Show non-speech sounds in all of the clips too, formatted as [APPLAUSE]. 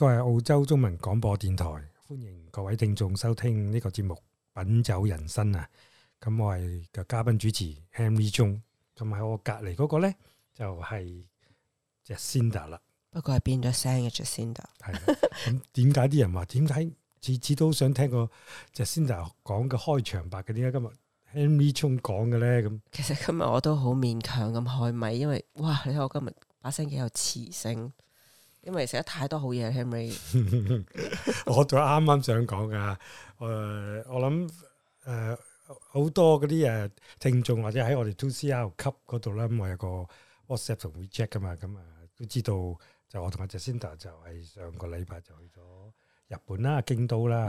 呢個係澳洲中文廣播電台，歡迎各位聽眾收聽呢個節目《品酒人生》啊！咁我係個嘉賓主持 Henry Jong，咁喺我隔籬嗰個咧就係 Jacinda 啦。不過係變咗聲嘅 Jacinda。係咁，點解啲人話？點解次次都想聽個 Jacinda 講嘅開場白嘅？點解今日 Henry Jong 講嘅咧？咁其實今日我都好勉強咁開咪，因為哇，你睇我今日把聲幾有磁性。因為食得太多好嘢，Henry。 [LAUGHS] [LAUGHS] 我仲啱啱想講噶，誒，我諗誒好多嗰啲誒聽眾或者喺我哋 2CR club 嗰度咧，我有個 WhatsApp 同 WeChat 噶嘛，咁、嗯、啊、嗯嗯、都知道，就我同阿 Jacinda 就係上個禮拜就去咗日本啦，京都啦，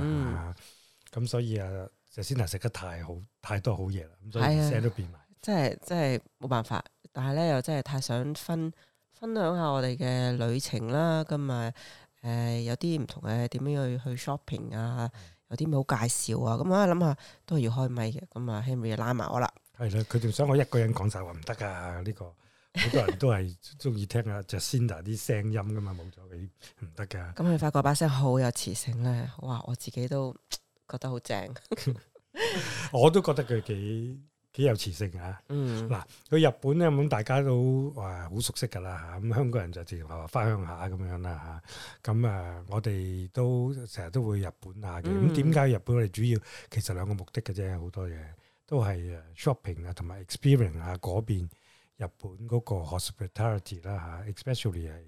咁、嗯、所以啊，Jacinda 食得太好，太多好嘢啦，咁所以聲都變埋，即係即係冇辦法，但係咧又真係太想分。分享下我哋嘅旅程啦，咁啊，誒，有啲唔同嘅點樣去去 shopping 啊，有啲咩好介紹啊，咁、嗯、啊，諗下都係要開咪嘅，咁啊，Henry 又拉埋我啦。係啦，佢仲想我一個人講曬話唔得噶，呢、這個好多人都係中意聽啊 Jacinda 啲聲音噶嘛，冇咗佢唔得噶。咁佢、嗯、發覺把聲好有磁性咧，哇！我自己都覺得好正。 [LAUGHS] 我都覺得佢幾。幾有磁性啊！嗱、嗯，去日本咧，咁大家都啊好熟悉噶啦嚇，咁香港人就自然話翻鄉下咁樣啦嚇。咁啊，我哋都成日都會去日本啊。咁點解日本我哋主要其實兩個目的嘅啫，好多嘢都係 shopping 啊，同埋 experience 啊，嗰邊日本嗰個 hospitality 啦嚇，especially 係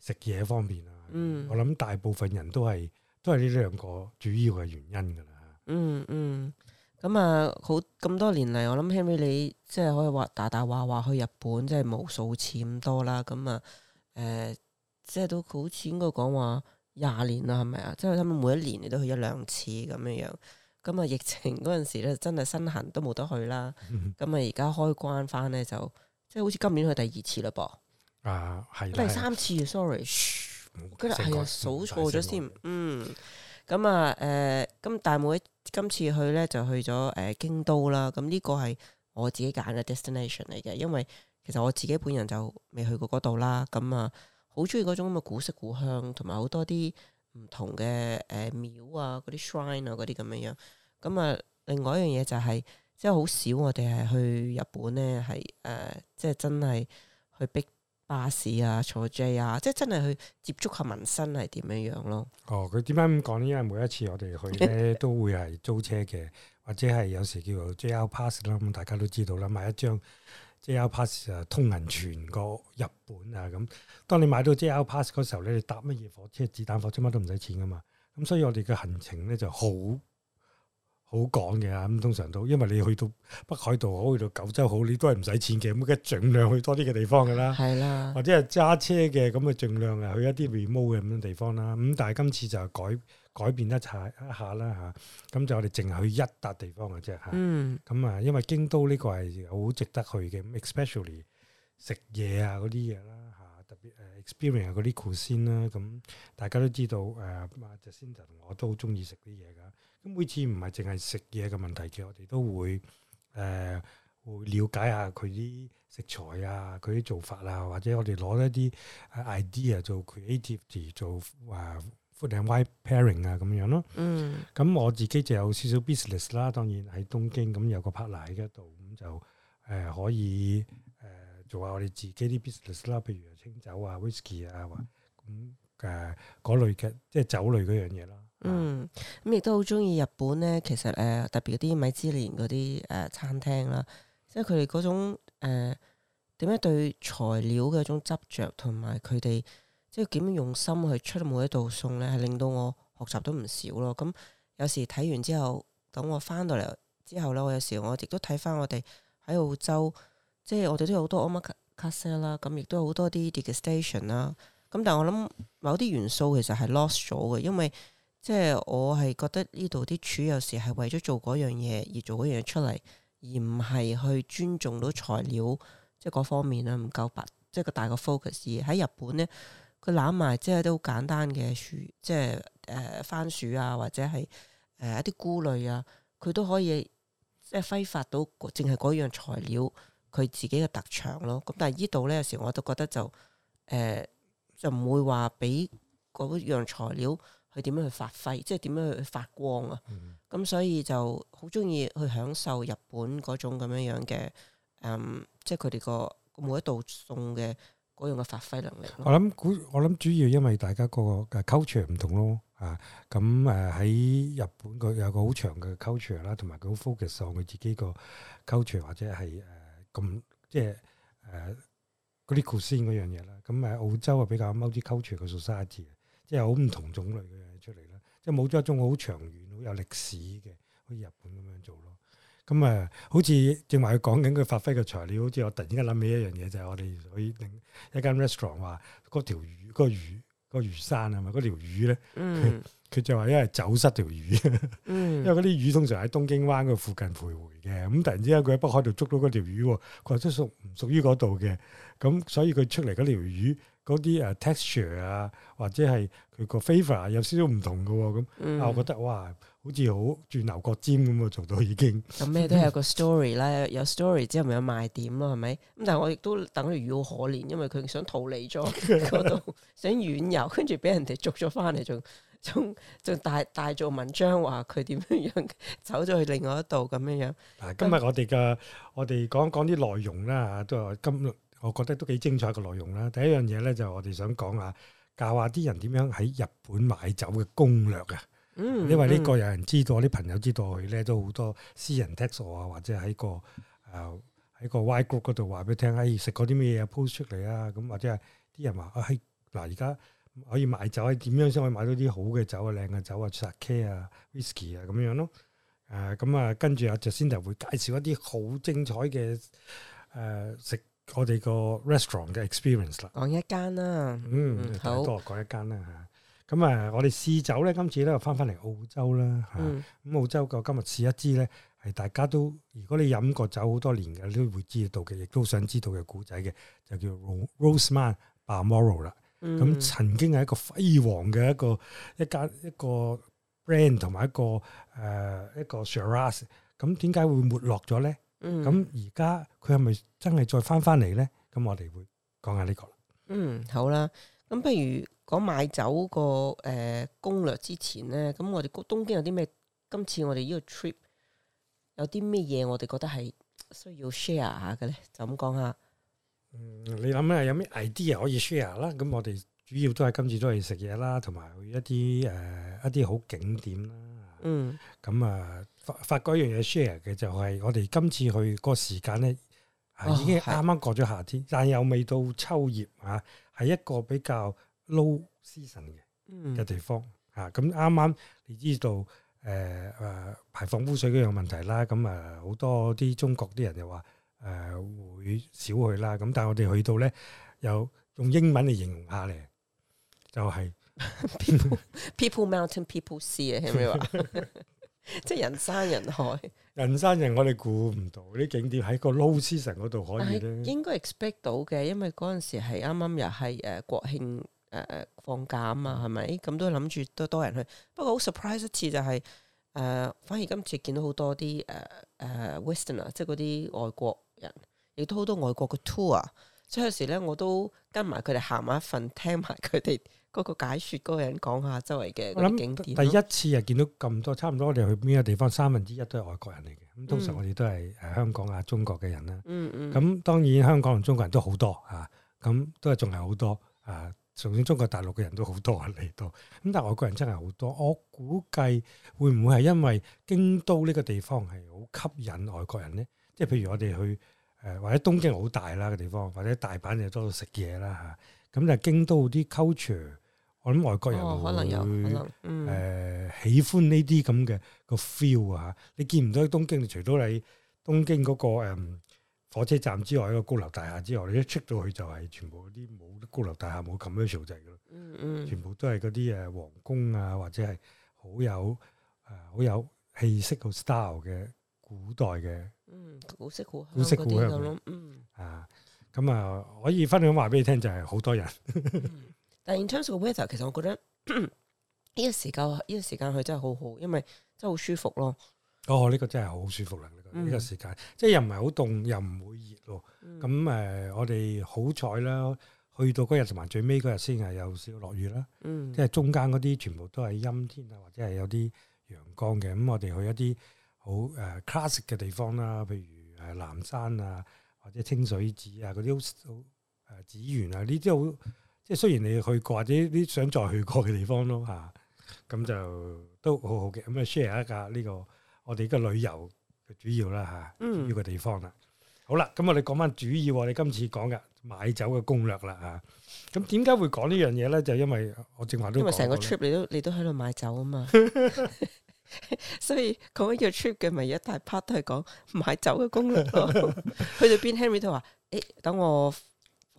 食嘢方面啊。嗯，我諗大部分人都係都係呢兩個主要嘅原因㗎啦、嗯。嗯嗯。咁啊，好咁多年嚟，我諗 Henry 你即係可以話大大話話去日本，即係無數次咁多啦。咁啊，誒、呃，即係都好似應該講話廿年啦，係咪啊？即係咁，每一年你都去一兩次咁樣樣。咁啊，疫情嗰陣時咧，真係身痕都冇得去啦。咁啊、嗯，而家開關翻咧，就即係好似今年去第二次啦噃。啊，係。第三次的，sorry，嗰日係啊，數錯咗先，確嗯。咁啊，誒、嗯，今大妹今次去咧就去咗誒、呃、京都啦。咁呢個係我自己揀嘅 destination 嚟嘅，因為其實我自己本人就未去過嗰度啦。咁、嗯、啊，好中意嗰種咁嘅古色古香，同埋好多啲唔同嘅誒廟啊、嗰啲 shrine 啊、嗰啲咁樣樣。咁、嗯、啊、嗯，另外一樣嘢就係、是，即係好少我哋係去日本咧，係誒，即、呃、係、就是、真係去逼。巴士啊，坐 J 啊，即係真係去接觸下民生係點樣樣咯。哦，佢點解咁講咧？因為每一次我哋去咧都會係租車嘅， [LAUGHS] 或者係有時叫做 JR Pass 啦，咁大家都知道啦，買一張 JR Pass 啊，通銀全個日本啊，咁當你買到 JR Pass 嗰時候咧，你搭乜嘢火車、子彈火車乜都唔使錢噶嘛。咁所以我哋嘅行程咧就好。好講嘅啊，咁通常都，因為你去到北海道好，去到九州好，你都係唔使錢嘅，咁梗係盡量去多啲嘅地方噶啦。係啦，或者係揸車嘅，咁啊盡量啊去一啲 remote 嘅咁樣地方啦。咁但係今次就改改變一下一下啦吓，咁、啊、就我哋淨係去一笪地方嘅啫吓。咁、嗯、啊，因為京都呢個係好值得去嘅，especially 食嘢啊嗰啲嘢啦吓，特別誒、啊啊呃、experience 嗰啲 cuisine 先啦。咁、啊、大家都知道誒 Jacinda 我都好中意食啲嘢噶。每次唔係淨係食嘢嘅問題，其實我哋都會誒、呃、會了解下佢啲食材啊，佢啲做法啊，或者我哋攞一啲 idea 做 creativity 做誒 food and wine pairing 啊，咁樣咯。嗯，咁我自己就有少少 business 啦，當然喺東京咁有個 partner 喺嗰度，咁就誒可以誒、呃、做下我哋自己啲 business 啦，譬如清酒威士啊、whisky 啊，咁誒嗰類嘅即係酒類嗰樣嘢啦。嗯，咁亦都好中意日本咧。其實誒、呃，特別啲米芝蓮嗰啲誒餐廳啦，即係佢哋嗰種誒，點、呃、樣對材料嘅一種執着，同埋佢哋即係點樣用心去出每一道餸咧，係令到我學習都唔少咯。咁、嗯、有時睇完之後，等我翻到嚟之後咧，我有時我亦都睇翻我哋喺澳洲，即係我哋都有好多 omakase 啦，咁亦都有好多啲 degustation 啦。咁但係我諗，某啲元素其實係 lost 咗嘅，因為。即係我係覺得呢度啲廚有時係為咗做嗰樣嘢而做嗰樣嘢出嚟，而唔係去尊重到材料，即係嗰方面啦，唔夠白，即係個大個 focus 喺日本呢，佢攬埋即係啲好簡單嘅薯，即係誒、呃、番薯啊，或者係誒、呃、一啲菇類啊，佢都可以即係揮發到，淨係嗰樣材料佢自己嘅特長咯。咁但係呢度呢，有時我都覺得就誒、呃，就唔會話俾嗰樣材料。佢點樣去發揮，即係點樣去發光啊？咁、嗯嗯、所以就好鍾意去享受日本嗰種咁樣樣嘅，嗯，即係佢哋個每一道餸嘅嗰樣嘅發揮能力。我諗估，我諗主要因為大家個 culture 唔同咯嚇。咁誒喺日本佢有個好長嘅 culture 啦，同埋佢好 focus on 佢自己個 culture 或者係誒咁即係誒嗰啲古先嗰樣嘢啦。咁、啊、誒澳洲啊比較踎啲 culture 佢數沙字，即係好唔同種類即冇咗一種好長遠、好有歷史嘅、嗯，好似日本咁樣做咯。咁誒，好似正話，佢講緊佢發揮嘅材料，好似我突然間諗起一樣嘢，就係、是、我哋可以另一間 restaurant 話嗰條魚、嗰、嗰個魚。個魚生係咪？嗰條魚咧，佢佢、嗯、就話因為走失條魚，嗯、因為嗰啲魚通常喺東京灣個附近徘徊嘅，咁突然之間佢喺北海道捉到嗰條魚喎，佢話都屬唔屬於嗰度嘅，咁、嗯、所以佢出嚟嗰條魚嗰啲誒 texture 啊，或者係佢個 favor 啊，有少少唔同嘅喎，咁啊、嗯，我覺得哇！好似好轉牛角尖咁啊，做到已經。咁咩都有個 story 啦，有 story 之後咪有賣點咯，係咪？咁但係我亦都等於好可憐，因為佢想逃離咗嗰度， [LAUGHS] 想遠遊，跟住俾人哋捉咗翻嚟，仲仲仲大大做文章，話佢點樣樣走咗去另外一度咁樣樣。嗱那，今日我哋嘅我哋講一講啲內容啦，都係今日我覺得都幾精彩嘅內容啦。第一樣嘢咧就我哋想講下教下啲人點樣喺日本買酒嘅攻略啊。嗯，嗯因為呢個有人知道，啲、嗯、朋友知道佢咧都好多私人 text 啊，或者喺個誒喺、呃、個 Y group 嗰度話俾你聽，哎食過啲咩嘢 post 出嚟啊，咁或者係啲人話，哎嗱而家可以買酒，點樣先可以買到啲好嘅酒啊、靚嘅酒啊、sake 啊、whisky 啊咁樣咯。誒、呃、咁啊，跟住阿 Jacinda 會介紹一啲好精彩嘅誒食我哋個 restaurant 嘅 experience 啦。講一間啦，嗯，嗯，好，講一間啦嚇。咁啊，我哋試酒咧，今次咧又翻翻嚟澳洲啦，吓咁、嗯啊、澳洲個今日試一支咧，係大家都如果你飲過酒好多年嘅，你都會知道嘅，亦都想知道嘅古仔嘅，就叫 Rosemount Balmoral 啦、嗯。咁曾經係一個輝煌嘅一個一間一個 brand 同埋一個誒、呃、一個 Shiraz 咁點解會沒落咗咧？咁而家佢係咪真係再翻翻嚟咧？咁我哋會講下呢個啦。嗯，好啦，咁不如。講買酒個誒攻略之前咧，咁我哋東京有啲咩？今次我哋呢個 trip 有啲咩嘢？我哋覺得係需要 share 下嘅咧，就咁講下。嗯，你諗下有咩 idea 可以 share 啦？咁我哋主要都係今次都係食嘢啦，同埋一啲誒、呃、一啲好景點啦。嗯，咁啊、嗯、發發覺一樣嘢 share 嘅就係我哋今次去個時間咧，已經啱啱過咗夏天，哦、但又未到秋葉啊，係一個比較。Low season 嘅嘅地方嚇，咁啱啱你知道誒誒、呃呃、排放污水嗰樣問題啦，咁誒好多啲中國啲人就話誒會少去啦，咁但係我哋去到咧，又用英文嚟形容下咧，就係、是、 [LAUGHS] people, people mountain people sea 係咪話？ [LAUGHS] [LAUGHS] 即係人山人海，人山人海。我哋估唔到啲景點喺個 low season 嗰度可以咧，應該 expect 到嘅，因為嗰陣時係啱啱又係誒國慶。誒、呃，放假啊嘛，係咪？咁都諗住都多人去。不過好 surprise 一次就係、是，誒、呃，反而今次見到好多啲誒誒 Western 啊，即係嗰啲外國人，亦都好多外國嘅 tour。所以有時咧，我都跟埋佢哋行埋一份，聽埋佢哋嗰個解說，嗰個人講下周圍嘅景點。第一次啊，見到咁多，差唔多我哋去邊個地方，三分之一都係外國人嚟嘅。咁通常我哋都係誒香港啊，嗯、中國嘅人啦。嗯嗯。咁當然香港同中國人都好多啊，咁都係仲係好多啊。從前中國大陸嘅人都好多嚟到，咁但係外國人真係好多。我估計會唔會係因為京都呢個地方係好吸引外國人咧？即係譬如我哋去誒、呃，或者東京好大啦嘅地方，或者大阪又多到食嘢啦嚇。咁但係京都啲 culture，我諗外國人、哦、可能會誒、嗯呃、喜歡呢啲咁嘅個 feel 啊。你見唔到喺東京除咗你東京嗰、那個、嗯火車站之外，一個高樓大廈之外，你一出到去就係全部啲冇高樓大廈冇 commercial 制嘅咯，嗯嗯、全部都係嗰啲誒皇宮啊，或者係好有誒好、呃、有氣息好 style 嘅古代嘅，嗯，古色，古，色古香嗰啲咁咯，嗯啊，咁、嗯、啊可以分享話俾你聽，就係好多人。嗯、 [LAUGHS] 但係 in terms of weather，其實我覺得呢、呢個時間呢、呢個時間佢真係好好，因為真係好真舒服咯。哦，呢、這個真係好舒服啦！呢、這個時間，嗯、即係又唔係好凍，又唔會熱咯。咁誒、嗯呃，我哋好彩啦，去到嗰日同埋最尾嗰日先係有少少落雨啦。嗯、即係中間嗰啲全部都係陰天啊，或者係有啲陽光嘅。咁我哋去一啲好誒 classic 嘅地方啦，譬如誒南山啊，或者清水寺啊嗰啲好誒紫園啊，呢啲好即係雖然你去過，或者啲想再去過嘅地方咯嚇。咁、啊、就都好好嘅，咁啊 share 一下呢、這個。我哋呢個旅遊主要啦吓，主要嘅地方啦。嗯、好啦，咁我哋講翻主要，我哋今次講嘅買酒嘅攻略啦吓。咁點解會講呢樣嘢咧？就是、因為我正話都因啊，成個 trip 你都你都喺度買酒啊嘛。 [LAUGHS] [LAUGHS] 所以講緊個 trip 嘅，咪一大 part 都係講買酒嘅攻略咯。 [LAUGHS] 去到邊 Henry 都話：誒、欸，等我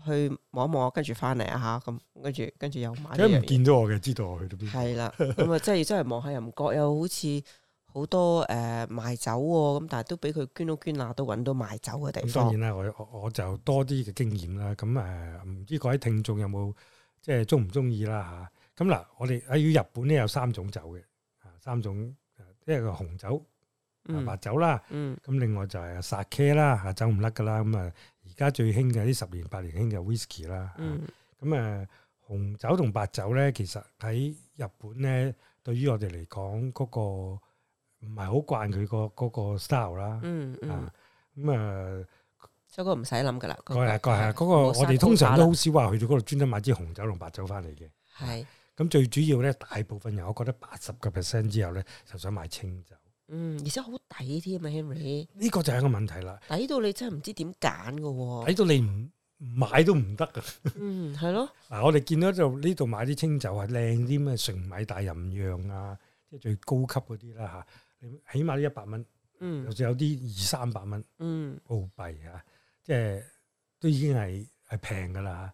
去望一望，跟住翻嚟啊吓。咁跟住跟住又買，唔見到我嘅，知道我去到邊。係啦，咁啊真係真係望下又唔覺，又好似。好多誒、呃、賣酒喎，咁但係都俾佢捐都捐啊，都揾到賣酒嘅地方。當然啦，我我我就多啲嘅經驗啦，咁誒唔知各位聽眾有冇即係鍾唔鍾意啦嚇？咁、就、嗱、是啊啊，我哋喺日本咧有三種酒嘅，嚇、啊、三種，即係個紅酒、啊、白酒啦，咁、啊嗯、另外就係薩克啦，嚇走唔甩噶啦，咁啊而家最興嘅啲十年、八年興嘅 whisky 啦，咁啊、嗯、啊紅酒同白酒咧，其實喺日本咧，對於我哋嚟講嗰個。唔係好慣佢個嗰個 style 啦，嗯嗯，咁、嗯、啊，嗰個唔使諗噶啦，係係嗰個我哋通常都好少話去到嗰度專登買支紅酒同白酒翻嚟嘅，係、嗯。咁最主要咧，大部分人，我覺得八十個 percent 之後咧，就想買清酒。嗯，而且好抵添啊，Henry。呢個就係一個問題啦，抵到你真係唔知點揀嘅喎，抵到你唔唔買都唔得嘅。嗯，係咯。嗱， [LAUGHS] 我哋見到就呢度買啲清酒啊，靚啲咩純米大吟釀啊，即係最高級嗰啲啦嚇。起碼呢一百蚊，甚至、嗯、有啲二三百蚊澳幣啊，即係都已經係係平嘅啦。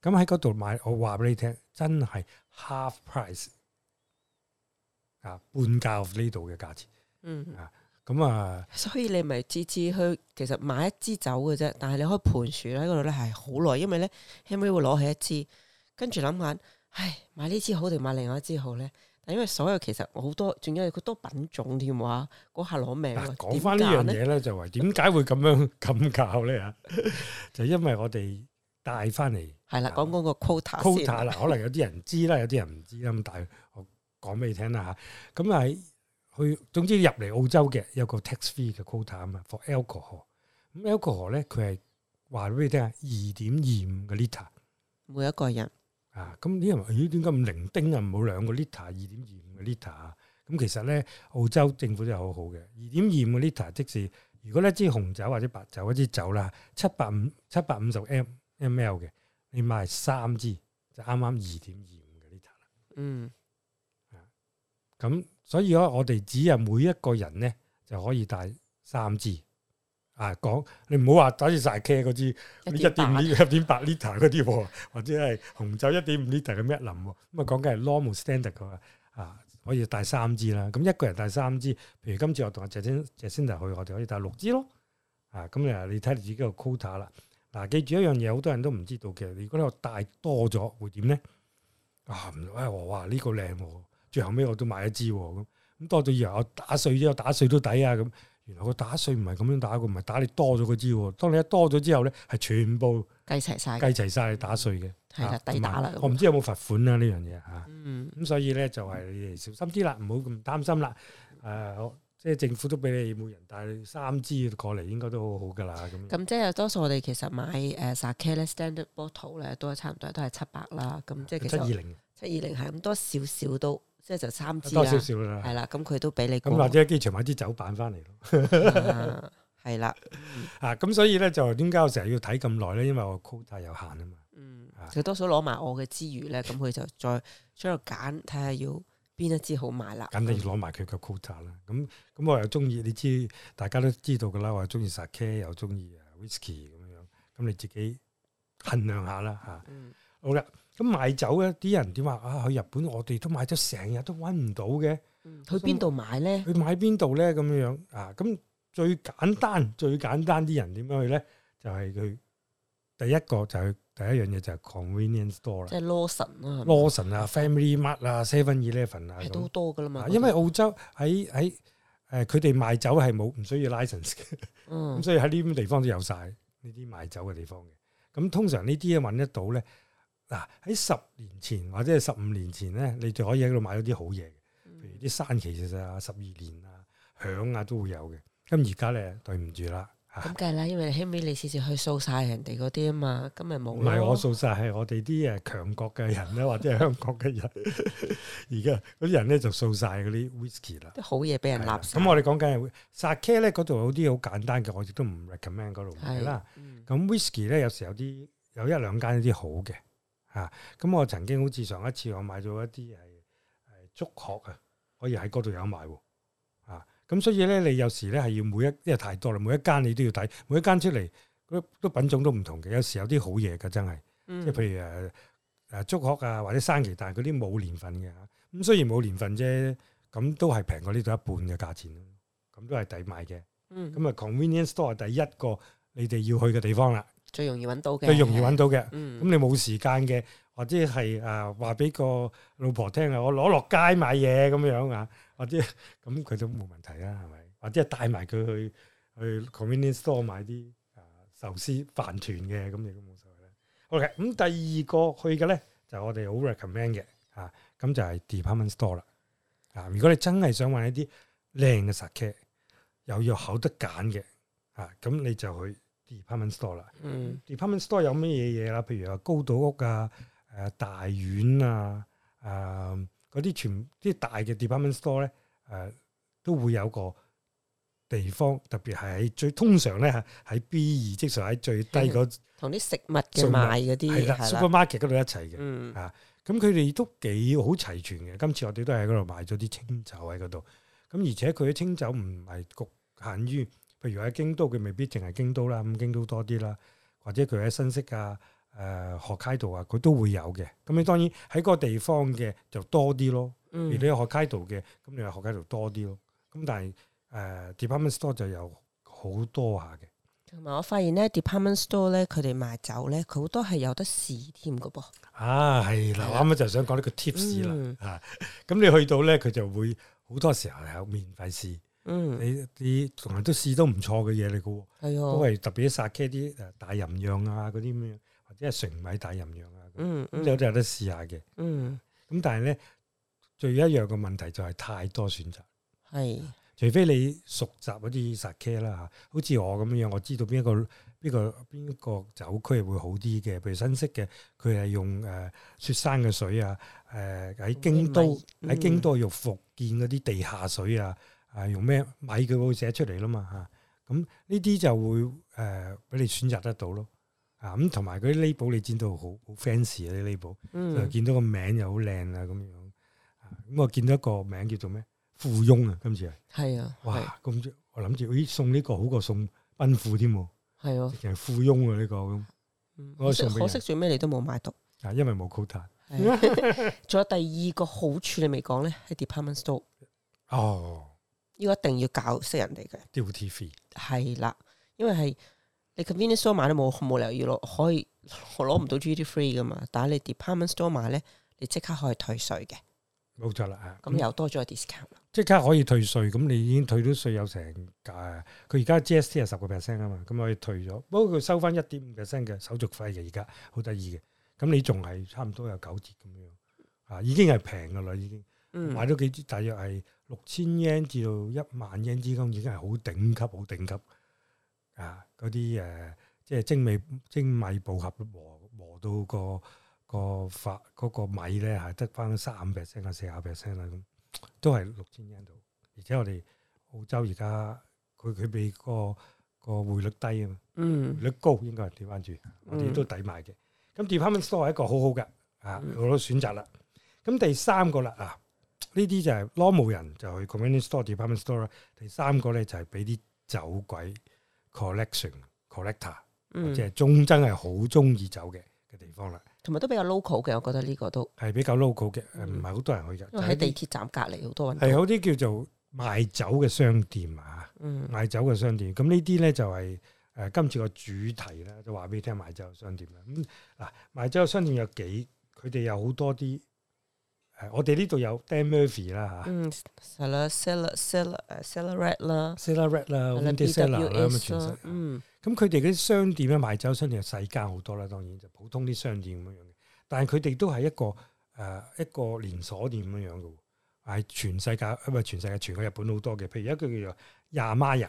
咁喺嗰度買，我話俾你聽，真係 half price 啊，半價呢度嘅價錢。嗯，咁啊，啊所以你咪次次去其實買一支酒嘅啫，但係你可以盤薯喺嗰度咧，係好耐，因為咧 maybe 會攞起一支，跟住諗下，唉，買呢支好定買另外一支好咧。因為所有其實我好多，仲有佢多品種添話，嗰下攞命。講翻 [LAUGHS] 呢樣嘢咧， [LAUGHS] 就係點解會咁樣咁搞咧？吓，就因為我哋帶翻嚟係啦，講嗰個 quota quota 啦、啊，可能有啲人知啦， [LAUGHS] 有啲人唔知啦。咁但係我講俾你聽啦吓，咁係去，總之入嚟澳洲嘅有個 tax free 嘅 quota 啊嘛，for alcohol, alcohol。咁 alcohol 咧，佢係話俾你聽下，二點二五嘅 liter，每一個人。啊，咁啲人話，咦？點解咁零丁 l, l, 啊？冇兩個 liter，二點二五嘅 liter。咁其實咧，澳洲政府都好好嘅。二點二五嘅 liter，即使如果一支紅酒或者白酒一支酒啦，七百五七百五十 m m l 嘅，起你買三支就啱啱二點二五嘅 liter 啦。嗯啊，啊，咁所以咧，我哋只係每一個人咧就可以帶三支。啊，講你唔好話打住晒 sake 嗰支一點五、一點八 liter 嗰啲，或者係紅酒一點五 liter 嘅一林，咁啊講嘅係 normal standard 嘅啊，可以帶三支啦。咁一個人帶三支，譬如今次我同阿謝先、謝先去，我哋可以帶六支咯。啊，咁啊，你睇你自己個 quota 啦，啊。嗱，記住一樣嘢，好多人都唔知道嘅。如果你帶多咗，會點咧？啊，我話呢個靚，最後尾我都買一支咁，咁多到以後我打碎咗，打碎都抵啊咁。原來個打稅唔係咁樣打，佢唔係打你多咗支招，當你一多咗之後咧，係全部計齊晒，計齊晒打稅嘅，係啦抵打啦。我唔、啊、知有冇罰款啦呢樣嘢吓。嗯，咁所以咧就係你哋小心啲啦，唔好咁擔心啦。誒，即係政府都俾你每人帶三支過嚟，應該都好好噶啦。咁咁即係多數我哋其實買誒 sake standard bottle 咧都係差唔多都係七百啦。咁即係其實七二零，七二零係咁多少少都。即係就三支多少少啦，係啦，咁佢都俾你咁，或者喺機場買支酒板翻嚟咯，係啦，啊，咁所以咧就點解我成日要睇咁耐咧？因為我 quota 有限啊嘛，嗯，佢、啊、多數攞埋我嘅之餘咧，咁佢 [LAUGHS] 就再出去揀，睇下要邊一支好買啦，咁你要攞埋佢嘅 quota 啦，咁咁我又中意，你知大家都知道噶啦，我又中意 sake 又中意 whisky 咁樣，咁你自己衡量下啦，吓、啊嗯， [LAUGHS] 好啦。好咁買酒咧，啲人點話啊？去日本，我哋都買咗成日都揾唔到嘅、嗯。去邊度買咧？去買邊度咧？咁樣樣啊！咁最簡單、嗯、最簡單啲人點樣去咧？就係、是、佢第一個就係、是、第一樣嘢就係 convenience store 啦。即係 Lawson 啦 Lawson 啊，Family Mart 啊，Seven Eleven 啊，11, 的樣都多噶啦嘛。因為澳洲喺喺誒佢哋賣酒係冇唔需要 license 嘅、嗯，咁 [LAUGHS] 所以喺呢邊地方都有晒呢啲賣酒嘅地方嘅。咁通常呢啲嘢揾得到咧。嗱喺、啊、十年前或者係十五年前咧，你就可以喺度買到啲好嘢、嗯、譬如啲山崎啊、十二年啊、響啊都會有嘅。咁而家咧，對唔住啦。咁梗係啦，因為起碼你次次去掃晒人哋嗰啲啊嘛，今日冇。唔係我掃晒，係我哋啲誒強國嘅人咧， [LAUGHS] 或者係香港嘅人，而家嗰啲人咧就掃晒嗰啲 whisky 啦。啲好嘢俾人攬曬。咁、嗯、我哋講緊係 whisky 咧，嗰度有啲好簡單嘅，我亦都唔 recommend 嗰度。係啦，咁 whisky 咧有時有啲有一兩間有啲好嘅。啊！咁我曾經好似上一次，我買咗一啲係係竹鶴啊，可以喺嗰度有得買喎。啊！咁所以咧，你有時咧係要每一，因為太多啦，每一間你都要睇，每一間出嚟，都品種都唔同嘅。有時有啲好嘢嘅，真係，即係、嗯、譬如誒誒竹鶴啊，或者山崎但係嗰啲冇年份嘅嚇。咁雖然冇年份啫，咁都係平過呢度一半嘅價錢啦。咁、嗯、都係抵買嘅。咁啊、嗯、convenience store 係第一個你哋要去嘅地方啦。最容易揾到嘅，最容易揾到嘅。咁你冇時間嘅，或者係啊話俾個老婆聽啊，我攞落街買嘢咁樣啊，或者咁佢、嗯、都冇問題啦，係咪？或者帶埋佢去去 convenience store 買啲啊、呃、壽司飯團嘅，咁亦都冇所謂啦。OK，咁、嗯、第二個去嘅咧，就係、我哋好 recommend 嘅嚇，咁、啊、就係 department store 啦。啊，如果你真係想揾一啲靚嘅 sake，又要好得揀嘅嚇，咁、啊、你就去。department store 啦，、嗯、department store 有乜嘢嘢啦？譬如啊，高島屋啊，誒、啊、大院啊，誒嗰啲全啲大嘅 department store 咧、啊，誒都會有個地方，特別係喺最通常咧喺 B 二，即係喺最低嗰同啲食物嘅賣嗰啲，supermarket 嗰度一齊嘅，啊的，咁佢哋都幾好齊全嘅。今次我哋都喺嗰度買咗啲清酒喺嗰度，咁而且佢嘅清酒唔係局限於。譬如喺京都，佢未必淨係京都啦，咁京都多啲啦，或者佢喺新宿啊、誒學街道啊，佢都會有嘅。咁你當然喺嗰個地方嘅就多啲咯。嗯、而你學街道嘅，咁你學街道多啲咯。咁但係誒、呃、department store 就有好多下嘅。同埋我發現咧 department store 咧，佢哋賣酒咧，佢好多係有得試添嘅噃。啊，係嗱，的我啱啱就想講呢個 tips 啦嚇。咁你去到咧，佢就會好多時候係有免費試。嗯，你啲同埋都試都唔錯嘅嘢嚟嘅，係啊，哦、都係特別啲 Sake 啲誒大吟釀啊，嗰啲咁樣，或者係純米大吟釀啊，咁有都有得試下嘅。嗯、咁、嗯、但係咧，最一樣嘅問題就係太多選擇。係是，除非你熟習嗰啲 Sake 啦嚇，好似我咁樣，我知道邊一個邊個邊個酒區會好啲嘅，譬如新式嘅，佢係用誒、呃、雪山嘅水啊，誒、呃、喺京都喺、嗯、京都用伏見嗰啲地下水啊。嗯係用咩米佢會寫出嚟啦嘛嚇，咁呢啲就會誒俾你選擇得到咯。啊咁同埋嗰啲 label 你見到好好 fancy 啲 label，就見到個名又好靚啦咁樣。咁我見到一個名叫做咩富翁啊，今次係啊，哇！咁我諗住咦送呢個好過送奔富添喎，係哦，其實富翁啊呢個，可惜最尾你都冇買到，啊，因為冇 quota。仲有第二個好處你未講咧，係 department store。哦。要一定要教識人哋嘅，Duty free 係啦，因為係你 convenience store 買都冇冇理由要攞，可以攞唔到 Duty free 噶嘛？但係你 department store 買咧，你即刻可以退稅嘅，冇錯啦，咁、嗯、又多咗個 discount，即刻可以退稅，咁你已經退咗稅有成價，佢而家 G S T 係十個 percent 啊嘛，咁可以退咗，不過佢收翻一點五 percent 嘅手續費嘅，而家好得意嘅，咁你仲係差唔多有九折咁樣，啊，已經係平噶啦，已經，嗯，買咗幾支大約係。六千英至到一萬英之間已經係好頂級，好頂級啊！嗰啲誒，即係精米精米步合磨磨到、嗰個、嗰個發嗰米咧，係得翻三 percent 啦、四 percent 啦咁，都係六千英度。而且我哋澳洲而家佢佢比、嗰個匯率低啊，嗯、匯率高應該係掉翻轉，嗯、我哋都抵買嘅。咁 Department Store 都係一個好好嘅啊，好、嗯、多選擇啦。咁第三個啦啊！呢啲就係 normal 人就去 community store、department store 啦。第三個咧就係俾啲酒鬼 collection collector、嗯、或者係中真係好中意酒嘅嘅地方啦。同埋、嗯、都比較 local 嘅，我覺得呢個都係比較 local 嘅，唔係好多人去嘅。喺地鐵站隔離好多。人係好啲叫做賣酒嘅商店啊，賣酒嘅商店。咁呢啲咧就係誒今次個主題啦，就話俾你聽賣酒嘅商店啦。咁嗱，賣酒嘅商店有幾？佢哋有好多啲。我哋呢度有 Dan Murphy 啦嚇，嗯 seller，seller，seller，seller red 啦，seller red 啦，我哋啲 seller 咁嘅形式，嗯。咁佢哋嗰啲商店咧，賣酒商店細間好多啦，當然就普通啲商店咁樣嘅。但係佢哋都係一個誒、uh, 一個連鎖店咁樣嘅，喺全世界，因、um, 係全世界，全個日本好多嘅。譬如一個叫做 Ya Maya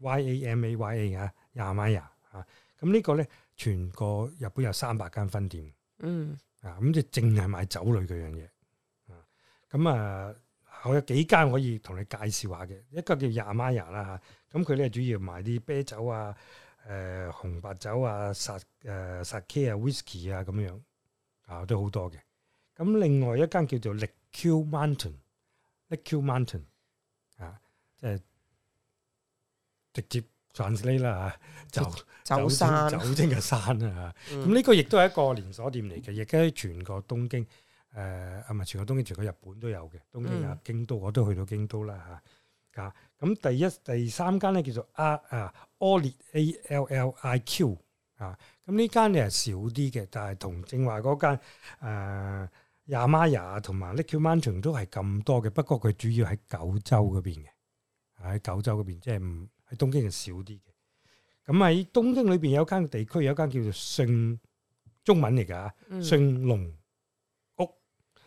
Y A M A Y A 啊，Ya Maya 啊，咁呢個咧全個日本有三百間分店，嗯啊，咁就淨係賣酒類嗰樣嘢。咁啊、嗯，我有幾間可以同你介紹下嘅，一個叫 Yamaya 啦嚇，咁佢咧主要賣啲啤酒啊、誒、呃、紅白酒啊、薩誒、呃、薩克啊、whisky 啊咁樣啊，都好多嘅。咁另外一間叫做 Liquid Mountain，Liquid Mountain 啊，即係直接 translate 啦嚇，就酒山酒精嘅山啊嚇。咁呢個亦都係一個連鎖店嚟嘅，亦都喺全國東京。誒啊！唔、呃、全個東京、全個日本都有嘅。東京啊，京都我都去到京都啦嚇。啊，咁第一、第三間咧叫做啊啊，阿列 A L L I Q 啊。咁呢間咧係少啲嘅，但係同正話嗰間誒亞馬亞同埋 Liquor Mountain 都係咁多嘅。不過佢主要喺九州嗰邊嘅，喺九州嗰邊即係唔喺東京係少啲嘅。咁喺東京裏邊有間地區有間叫做姓中文嚟㗎，姓、嗯、龍。嗯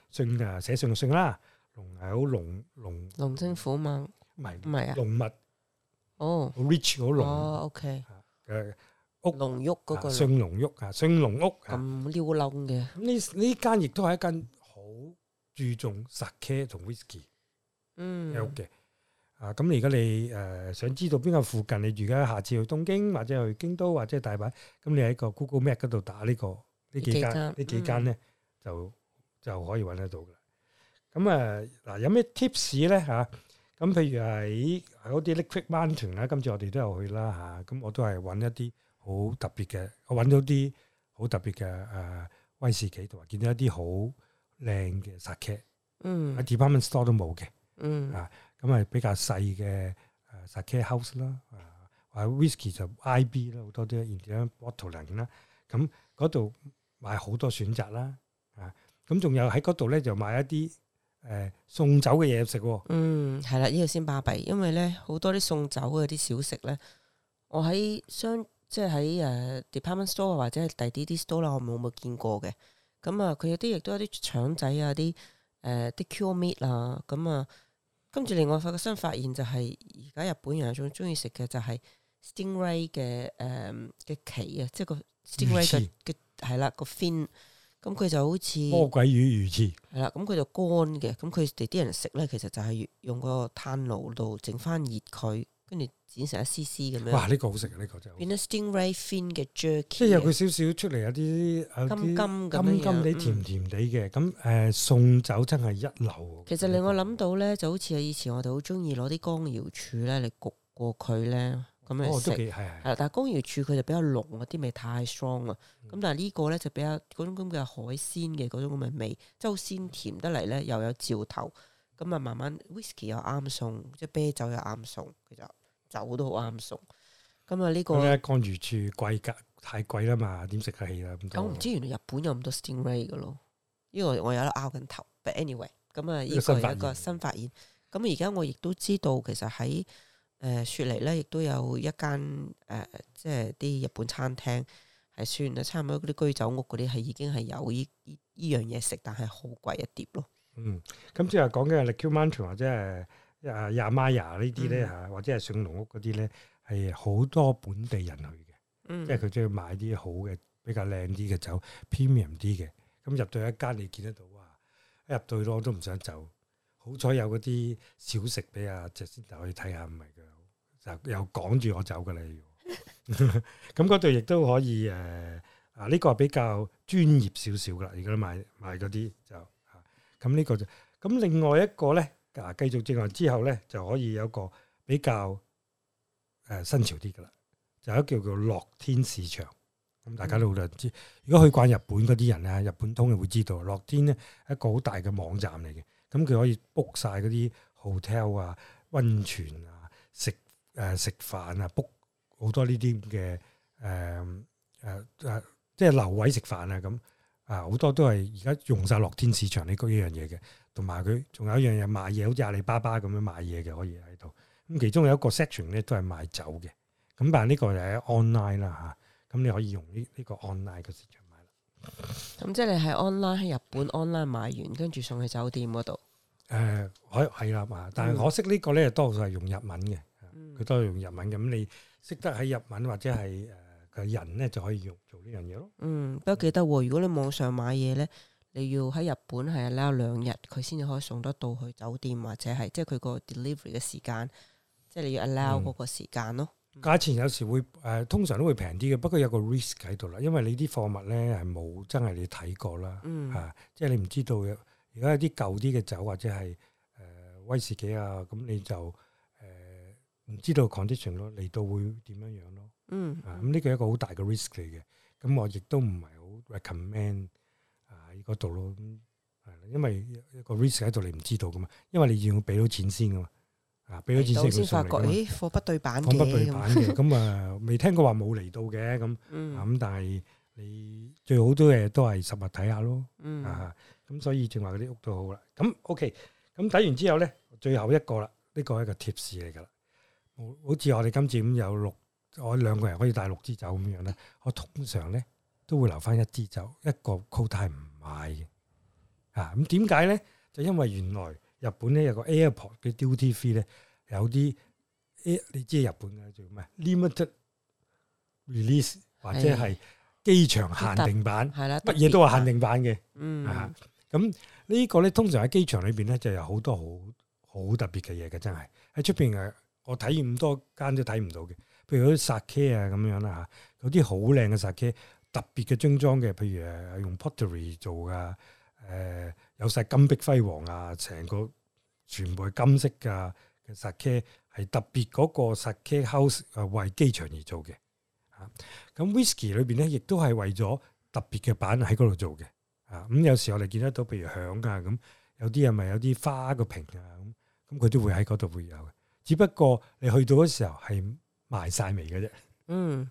信啊，寫信信啦，龍係好龍龍，龍精虎猛，唔係唔係啊，龍物哦，rich 好龍哦，OK，誒屋龍鬱嗰個，勝龍鬱啊，勝龍屋咁溜溜嘅。呢呢間亦都係一間好注重 sake 同 whisky，嗯 OK，啊咁你而家你誒想知道邊個附近你住嘅，下次去東京或者去京都或者大阪，咁你喺個 Google Map 嗰度打呢個呢幾間呢幾間咧就，就可以揾得到嘅，咁啊嗱，有咩 tips 咧嚇？咁譬如喺嗰啲 Liquor Mountain 啦，今次我哋都有去啦嚇，咁我都係揾一啲好特別嘅，我揾到啲好特別嘅誒威士忌，同埋見到一啲好靚嘅 sake，嗯，喺 department store 都冇嘅，嗯啊，咁啊比較細嘅誒 sake house 啦，啊或者 whisky 就 IB 啦，好多啲 independent bottle 嚟嘅啦，咁嗰度買好多選擇啦。咁仲有喺嗰度咧，就買一啲誒、呃、送酒嘅嘢食喎、呃。嗯，係啦，呢個先巴閉，因為咧好多啲送酒嘅啲小食咧，我喺商即係喺誒 department store 啊，或者係第啲啲 store 啦，我冇冇見過嘅。咁啊，佢有啲亦都有啲腸仔啊，啲誒啲 cure meat 啊。咁啊，跟住另外發個新發現就係、是，而家日本人最中意食嘅就係 Stingray 嘅誒嘅鰭啊，即係個 Stingray 嘅嘅係啦個 fin。咁佢就好似魔鬼魚魚翅，係啦，咁佢就乾嘅，咁佢哋啲人食咧，其實就係用個炭爐度整翻熱佢，跟住剪成一絲絲咁樣。哇！呢、這個好食啊，呢、這個就變得 stingray fin 嘅 jerky，即係有佢少少出嚟有啲甘甘咁嘅，甘甘啲甜甜啲嘅，咁誒、嗯嗯，送酒真係一流。其實令我諗到咧，嗯、就好似啊，以前我哋好中意攞啲乾瑤柱咧嚟焗過佢咧。咁嚟食係但係江魚柱佢就比較濃啊，啲味太 strong 啊。咁、嗯、但係呢個咧就比較嗰種咁嘅海鮮嘅嗰種咁嘅味，即好鮮甜得嚟咧，又有嚼頭。咁啊，慢慢 whisky 又啱送，即係啤酒又啱送，其實酒都好啱送。咁啊、這個，呢個江魚柱貴格，太貴啦嘛，點食得起啊？咁唔知原來日本有咁多 sting ray 嘅咯。呢個我有得拗緊頭，但係 anyway，咁啊呢個係一個新發現。咁而家我亦都知道，其實喺誒雪梨咧，亦都有一間誒，即係啲日本餐廳係算啊，差唔多嗰啲居酒屋嗰啲係已經係有依依依樣嘢食，但係好貴一碟咯。嗯，咁即係講緊 liquid mountain 或者係啊亞馬雅呢啲咧嚇，或者係上、啊嗯、龍屋嗰啲咧，係好多本地人去嘅，嗯、即係佢中意買啲好嘅比較靚啲嘅酒，premium 啲嘅。咁入到一間你見得到啊，一入到去咯，都唔想走。好彩有嗰啲小食俾阿只先，就可以睇下，唔係佢就又趕住我走噶啦。咁嗰度亦都可以誒、呃這個，啊呢個比較專業少少噶啦，而家都買買啲就吓。咁呢個就咁另外一個咧，啊繼續之外之後咧，就可以有一個比較誒、呃、新潮啲噶啦，就一叫做樂天市場。咁、嗯、大家都好多人知。如果去慣日本嗰啲人咧，日本通人會知道樂天咧，一個好大嘅網站嚟嘅。咁佢可以 book 晒嗰啲 hotel 啊、溫泉啊、食誒食飯啊、book 好多呢啲咁嘅誒誒誒，即係留位食飯啊咁啊，好多都係而家用晒樂天市場呢個依樣嘢嘅，同埋佢仲有一樣嘢賣嘢，好似阿里巴巴咁樣賣嘢嘅可以喺度。咁其中有一個 section 咧都係賣酒嘅，咁但係呢個就係 online 啦、啊、嚇，咁、啊啊、你可以用呢呢個 online 嘅市場。咁即係你喺 online 喺日本 online 買完，跟住送去酒店嗰度。誒、呃，係係啦嘛，但係我識個呢個咧，多數係用日文嘅，佢、嗯、都係用日文咁，你識得喺日文或者係誒嘅人咧，就可以用做呢樣嘢咯。嗯，都記得。如果你網上買嘢咧，你要喺日本係 allow 兩日，佢先至可以送得到去酒店或者係即係佢個 delivery 嘅時間，即係你要 allow 嗰、嗯、個時間咯。價錢有時會誒、呃，通常都會平啲嘅。不過有個 risk 喺度啦，因為你啲貨物咧係冇真係你睇過啦嚇、嗯啊，即係你唔知道嘅。如果有啲舊啲嘅酒或者係誒、呃、威士忌啊，咁你就誒唔知道 condition 咯，嚟到會點樣樣咯。嗯，咁呢個係一個好大嘅 risk 嚟嘅。咁、嗯、我亦都唔係好 recommend 啊嗰度咯，因為一個 risk 喺度，你唔知道噶嘛，因為你要俾到錢先噶嘛。嗱，俾咗知識同術先發覺，咦來，哎、貨不對版嘅，咁不對版嘅，咁啊，未聽過話冇嚟到嘅，咁、嗯，咁但係你最好都係都係實物睇下咯。嗯、啊，咁所以正話嗰啲屋都好啦。咁 OK，咁睇完之後咧，最後一個啦，呢個一個貼士嚟㗎啦。好似我哋今次咁有六，我兩個人可以帶六支酒咁樣咧，我通常咧都會留翻一支酒，一個 call 太唔買嘅。啊，咁點解咧？就因為原來。日本咧有個 airport 嘅 Duty Free 咧，free, 有啲誒，你知日本嘅叫咩？Limited Release 或者係機場限定版，係啦的，乜嘢都話限定版嘅。嗯，咁呢、啊、個咧通常喺機場裏邊咧就有好多好好特別嘅嘢嘅，真係喺出邊誒，我體驗咁多間都睇唔到嘅。譬如嗰啲 Sake 啊咁樣啦嚇，啲好靚嘅 Sake，特別嘅裝裝嘅，譬如誒用 Pottery 做嘅誒。呃有晒金碧輝煌啊！成個全部係金色噶，嘅 Sake 係特別嗰個 Sake House 啊，為機場而做嘅。啊，咁 Whisky 裏邊咧，亦都係為咗特別嘅版喺嗰度做嘅。啊，咁有時我哋見得到，譬如響啊咁，有啲係咪有啲花嘅瓶啊咁，咁佢都會喺嗰度會有嘅。只不過你去到嗰時候係賣晒味嘅啫。嗯，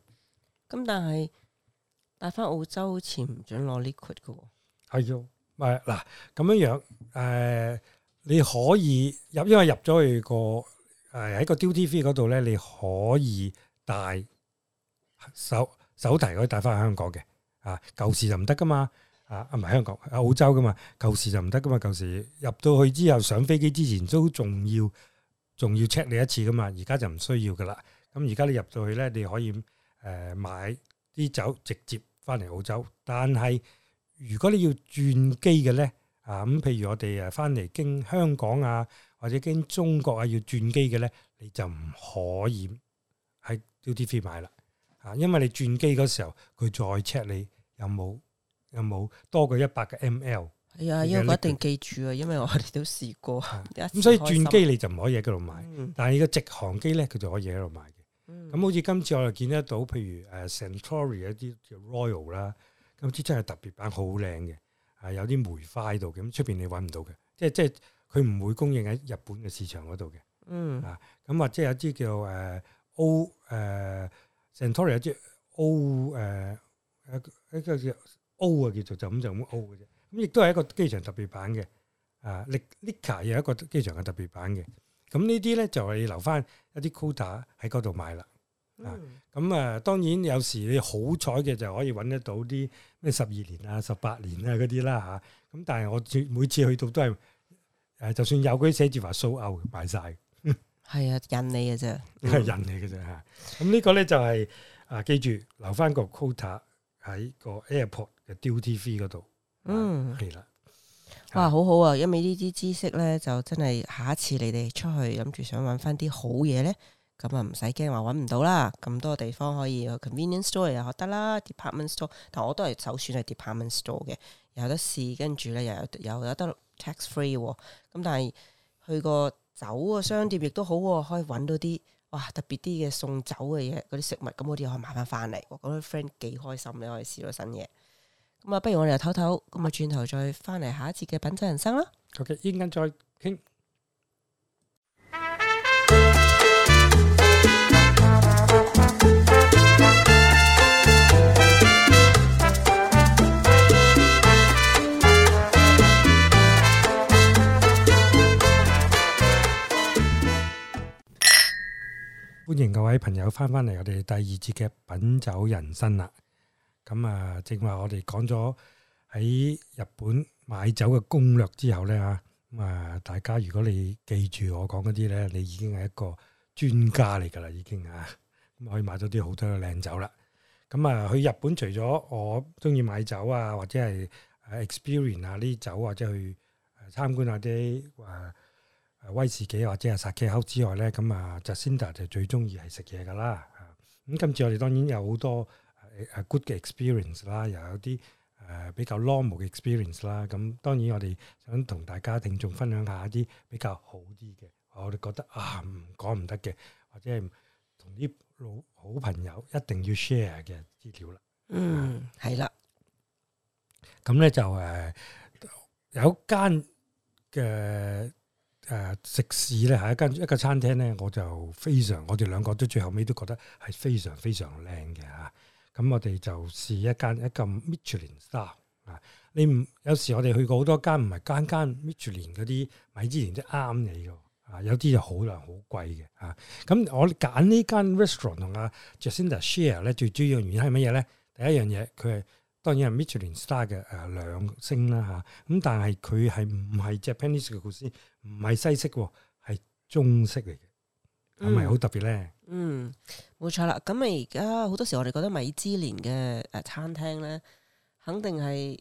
咁但係帶翻澳洲好似唔准攞 Liquid 嘅喎。係啊。咪嗱咁樣樣，誒、呃、你可以入，因為入咗去、那個誒喺、呃、個 duty free 嗰度咧，你可以帶手手提可以帶翻去香港嘅啊，舊時就唔得噶嘛啊，唔係香港，澳洲噶嘛，舊時就唔得噶嘛，舊時入到去之後上飛機之前都仲要仲要 check 你一次噶嘛，而家就唔需要噶啦。咁而家你入到去咧，你可以誒、呃、買啲酒直接翻嚟澳洲，但係，如果你要轉機嘅咧，啊咁，譬如我哋誒翻嚟經香港啊，或者經中國啊，要轉機嘅咧，你就唔可以喺 Duty Free 買啦，啊，因為你轉機嗰時候，佢再 check 你有冇有冇多過一百嘅 ml、哎呀。係啊，因為我一定記住啊，因為我哋都試過。咁所以轉機你就唔可以喺度買，嗯、但係個直航機咧，佢就可以喺度買嘅。咁、嗯、好似今次我哋見得到，譬如誒、uh, Suntory 一啲 Royal 啦。咁支真係特別版好靚嘅，係有啲梅花喺度嘅，咁出邊你揾唔到嘅，即係即係佢唔會供應喺日本嘅市場嗰度嘅。嗯啊、呃哦呃哦呃，啊，咁或者有支叫誒 O 誒 Suntory 有支 O 誒，一、哦、個、啊、叫 O、哦、啊叫做、哦啊、就咁就咁 O 嘅啫，咁亦、哦啊、都係一個機場特別版嘅。啊，Nikka 又係一個機場嘅特別版嘅，咁、啊、呢啲咧就係留翻一啲 quota 喺嗰度買啦。啊，咁、嗯、啊，當然有時你好彩嘅就可以揾得到啲咩十二年啊、十八年啊嗰啲啦嚇，咁、啊、但係我每每次去到都係誒、啊，就算有嗰啲寫住話 sold out 賣曬，係啊，印你嘅啫，係印嚟嘅啫嚇。咁呢個咧就係啊，記住留翻個 quota 喺個 airport 嘅 Duty Free 嗰度，嗯，係啦，哇，好好啊，因為呢啲知識咧就真係下一次你哋出去諗住想揾翻啲好嘢咧，咁啊，唔使驚話揾唔到啦！咁多地方可以去 convenience store 又得啦，department store，但我都係首選係 department store 嘅，有得試，跟住咧又有又有得 tax free 喎。咁但係去個酒嘅商店亦都好喎，可以揾到啲哇特別啲嘅送酒嘅嘢，嗰啲食物，咁嗰啲可以買翻翻嚟。我嗰啲 friend 幾開心，你可以試到新嘢。咁啊，不如我哋又唞唞，咁啊，轉頭再翻嚟下一次嘅品酒人生啦。OK，依家再傾。歡迎各位朋友翻返嚟，我哋第二節嘅品酒人生啦。咁啊，正話我哋講咗喺日本買酒嘅攻略之後咧，啊，咁啊，大家如果你記住我講嗰啲咧，你已經係一個專家嚟噶啦，已經啊，可以買到啲好多嘅靚酒啦。咁啊，去日本除咗我中意買酒啊，或者係 experience 啊啲酒，或者去參觀下啲啊。威士忌或者係 Sake 酒之外咧，咁啊，Jacinda 就最中意係食嘢噶啦。咁今次我哋當然有好多誒誒 good 嘅 experience 啦，又有啲誒比較 normal 嘅 experience 啦。咁當然我哋想同大家聽眾分享下一啲比較好啲嘅，我哋覺得啊唔講唔得嘅，或者係同啲老好朋友一定要 share 嘅資料啦。嗯，係啦。咁咧就誒有間嘅。誒、呃、食肆咧係一間一個餐廳咧，我就非常，我哋兩個都最後尾都覺得係非常非常靚嘅嚇。咁、啊、我哋就試一間一間 Michelin star 啊！你唔，有時我哋去過好多間，唔係間間 Michelin 嗰啲米芝蓮都啱你㗎嚇、啊，有啲就好難好貴嘅嚇。咁、啊、我揀、啊、呢間 restaurant 同阿 Jacinda Share 咧，最主要嘅原因係乜嘢咧？第一樣嘢佢係。當然係 Michelin Star 嘅誒兩星啦嚇，咁但係佢係唔係 Japanese 嘅故事，唔係西式喎，係中式嚟嘅，係咪好特別咧？嗯，冇錯啦。咁啊，而家好多時我哋覺得米芝蓮嘅誒餐廳咧，肯定係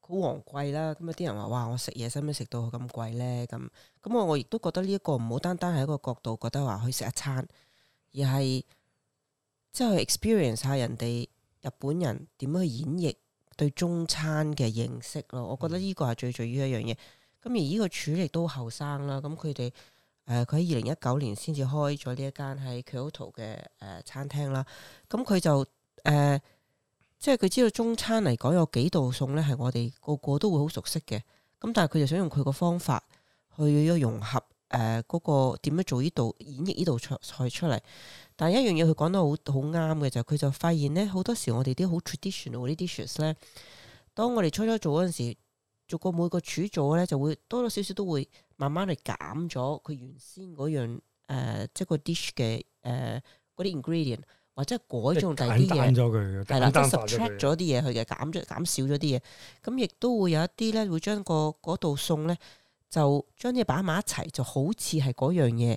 好昂貴啦。咁啊，啲人話：哇，我食嘢使唔使食到咁貴咧？咁咁我我亦都覺得呢一個唔好單單喺一個角度覺得話去食一餐，而係即係 experience 下人哋日本人點樣去演繹。對中餐嘅認識咯，我覺得呢個係最最依一樣嘢。咁而呢個主理都後生啦，咁佢哋誒，佢喺二零一九年先至開咗呢一間喺 Kyoto 嘅誒餐廳啦。咁佢就誒、呃，即係佢知道中餐嚟講有幾道餸咧，係我哋個個都會好熟悉嘅。咁但係佢就想用佢個方法去融合誒，嗰、呃那個點樣做呢度，演繹呢道菜菜出嚟。但係一樣嘢，佢講得好好啱嘅，就佢就發現咧，好多時我哋啲好 traditional 呢啲 dishes 咧，當我哋初初做嗰陣時，做過每個主做咧，就會多多少少都會慢慢去減咗佢原先嗰樣、呃、即係個 dish 嘅誒嗰啲 ingredient，或者改咗第啲嘢，減係啦，即係 subtract 咗啲嘢去嘅，減咗減少咗啲嘢。咁亦、嗯、都會有一啲咧，會將個道餸咧，就將啲擺埋一齊，就好似係嗰樣嘢。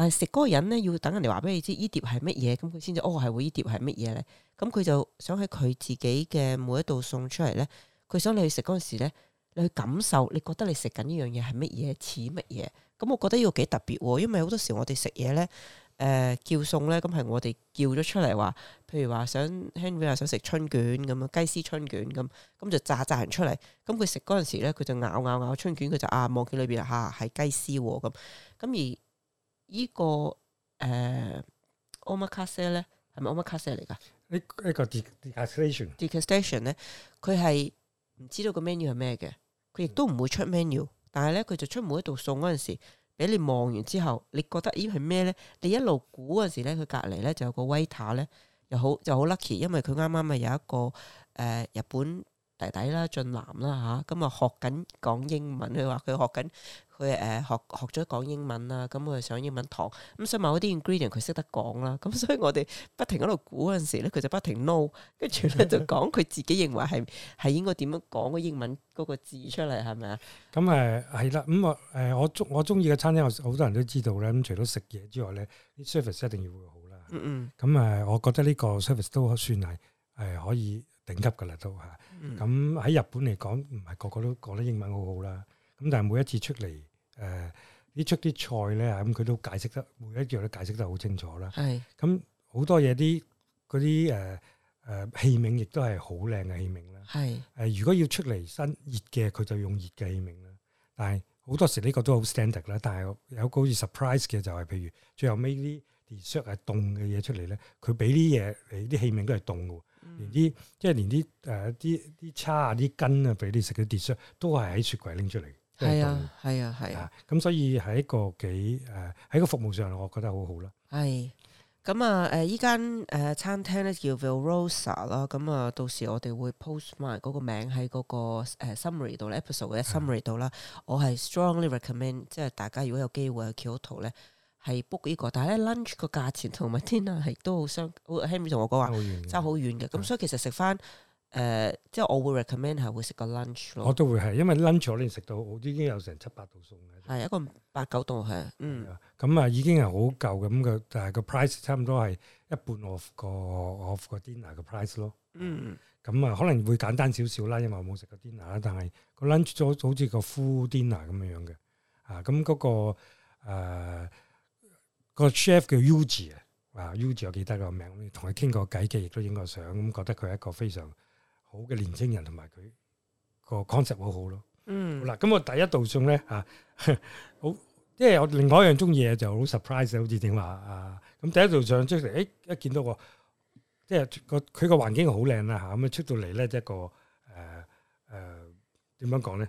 但係食嗰個人咧，要等人哋話俾你知呢碟係乜嘢，咁佢先至哦，係會碟呢碟係乜嘢咧？咁佢就想喺佢自己嘅每一道送出嚟咧，佢想你去食嗰陣時咧，你去感受，你覺得你食緊呢樣嘢係乜嘢，似乜嘢？咁我覺得要幾特別，因為好多時我哋食嘢咧，誒、呃、叫餸咧，咁係我哋叫咗出嚟話，譬如話想 Henry 想食春卷咁樣，雞絲春卷咁，咁就炸炸人出嚟，咁佢食嗰陣時咧，佢就咬咬咬，咬春卷，佢就啊望見裏邊吓係雞絲咁，咁、啊哦、而。依、呢個誒奧、呃哦、馬卡西咧，係咪 Omar 奧馬卡西嚟㗎？D D a s a、呢一個 decastation decastation 咧，佢係唔知道個 menu 係咩嘅，佢亦都唔會出 menu，但係咧佢就出每一道餸嗰陣時，俾你望完之後，你覺得咦係咩咧？你一路估嗰陣時咧，佢隔離咧就有個 waiter 咧，又好就好 lucky，因為佢啱啱咪有一個誒、呃、日本弟弟啦，俊男啦吓，咁啊學緊講英文，佢話佢學緊。佢誒學學咗講英文啦，咁佢上英文堂，咁所以某啲 ingredient，佢識得講啦，咁所以我哋不停喺度估嗰陣時咧，佢就不停 know，跟住咧就講佢自己認為係係應該點樣講個英文嗰個字出嚟，係咪啊？咁誒係啦，咁我誒我中我中意嘅餐廳，好多人都知道咧。咁除咗食嘢之外咧，service 一定要會好啦。嗯嗯。咁誒，我覺得呢個 service 都算係誒可以頂級嘅啦，都嚇。咁喺日本嚟講，唔係個個都覺得英文好好啦。咁但係每一次出嚟。誒呢出啲菜咧，咁佢都解釋得每一樣都解釋得好清楚啦。係，咁好多嘢啲嗰啲誒誒器皿亦都係好靚嘅器皿啦。係誒、呃呃是呃、如果要出嚟新熱嘅，佢就用熱嘅器皿啦。但係好多時呢個都好 standard 啦。但係有個好似 surprise 嘅就係、是、譬如最後尾啲 dessert 係凍嘅嘢出嚟咧，佢俾啲嘢誒啲器皿都係凍嘅，連啲即係連啲誒啲啲叉啊啲羹啊俾你食嘅 dessert 都係喺雪櫃拎出嚟。出係啊，係啊，係啊。咁、啊、所以喺一個幾誒喺、呃、個服務上，我覺得好好啦。係咁啊，誒依間誒餐廳咧叫 Velroisier 啦。咁啊，到時我哋會 post 埋嗰個名喺嗰、那個 summary 度，episode summary 度啦。我係 strongly recommend，即係大家如果有機會去 Kyoto 咧，係、呃呃呃、book 呢、這個。但係咧 lunch 個價錢同埋天啊，係都好相，好 Henry 同我講話，真係好遠嘅。咁、嗯、所以其實食翻。誒，即係我會 recommend 係會食個 lunch 咯，我都會係，因為 lunch 我哋食到已經有成七八度餸嘅，係一個八九度係，嗯，咁啊已經係好夠嘅咁個，但係個 price 差唔多係一半我個我個 dinner 個 price 咯，嗯，咁啊可能會簡單少少啦，因為我冇食過 dinner 啦，但係個 lunch 咗好似個 full dinner 咁樣樣嘅，啊，咁嗰個誒個 chef 叫 Uzi 啊，Uzi 我記得個名，同佢傾過偈嘅，亦都影過相，咁覺得佢係一個非常。好嘅年青人同埋佢個 concept 好好咯。嗯，嗱咁我第一度送咧嚇，啊、 [LAUGHS] 好，即係我另外一樣中意嘢就好 surprise 好似點話啊？咁第一度上出嚟，哎一見到個即係個佢個環境好靚啦嚇，咁、啊、出到嚟咧即係個誒誒點樣講咧？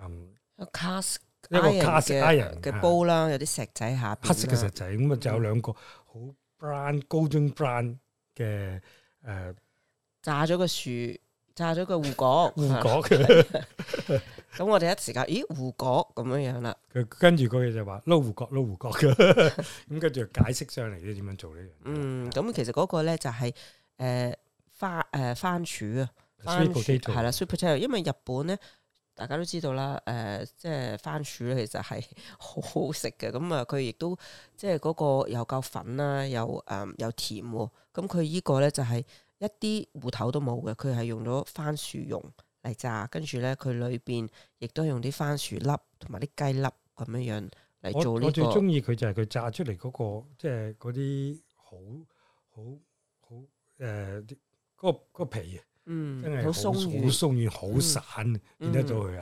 嗯，cast 一個 cast iron 嘅煲啦，是有啲石仔下黑色嘅石仔，咁啊就有兩個好 brown golden brown 嘅誒。呃炸咗個樹，炸咗個胡果，胡果咁是 [LAUGHS] [LAUGHS] 我哋一時間，咦胡果咁樣樣啦。佢跟住佢就話撈胡果，撈胡果嘅，咁跟住解釋上嚟咧，點樣做呢樣？嗯，咁其實嗰個咧就係、是、誒、呃、花誒番薯啊，番薯係啦，sweet potato 因為日本咧，大家都知道啦，誒即係番薯咧，其實係好好食嘅。咁啊，佢亦都即係嗰個又夠粉啦，又誒又甜。咁佢依個咧就係、是。一啲芋頭都冇嘅，佢係用咗番薯蓉嚟炸，跟住咧佢裏邊亦都用啲番薯粒同埋啲雞粒咁樣樣嚟做呢、這個、我，我最中意佢就係佢炸出嚟嗰、那個，即係嗰啲好好好誒、嗰、呃、那個、那個皮啊，嗯，真係好鬆軟好鬆軟好散，見得到佢、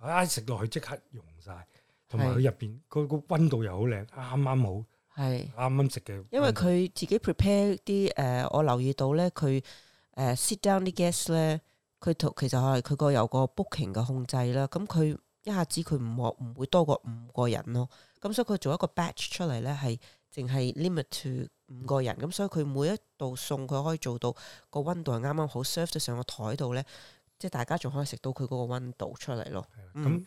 嗯、啊！一食落去即刻溶晒，同埋佢入邊佢個温度又好靚，啱啱好。係啱啱食嘅，因為佢自己 prepare 啲誒，我留意到咧，佢誒 sit down 啲 guest 咧，佢、呃、同其實係佢個有個 booking 嘅控制啦。咁佢一下子佢唔我唔會多過五個人咯。咁所以佢做一個 batch 出嚟咧，係淨係 limit to 五個人。咁所以佢每一道餸，佢可以做到個温度係啱啱好 serve 得上個台度咧，即係大家仲可以食到佢嗰個温度出嚟咯。咁的。嗯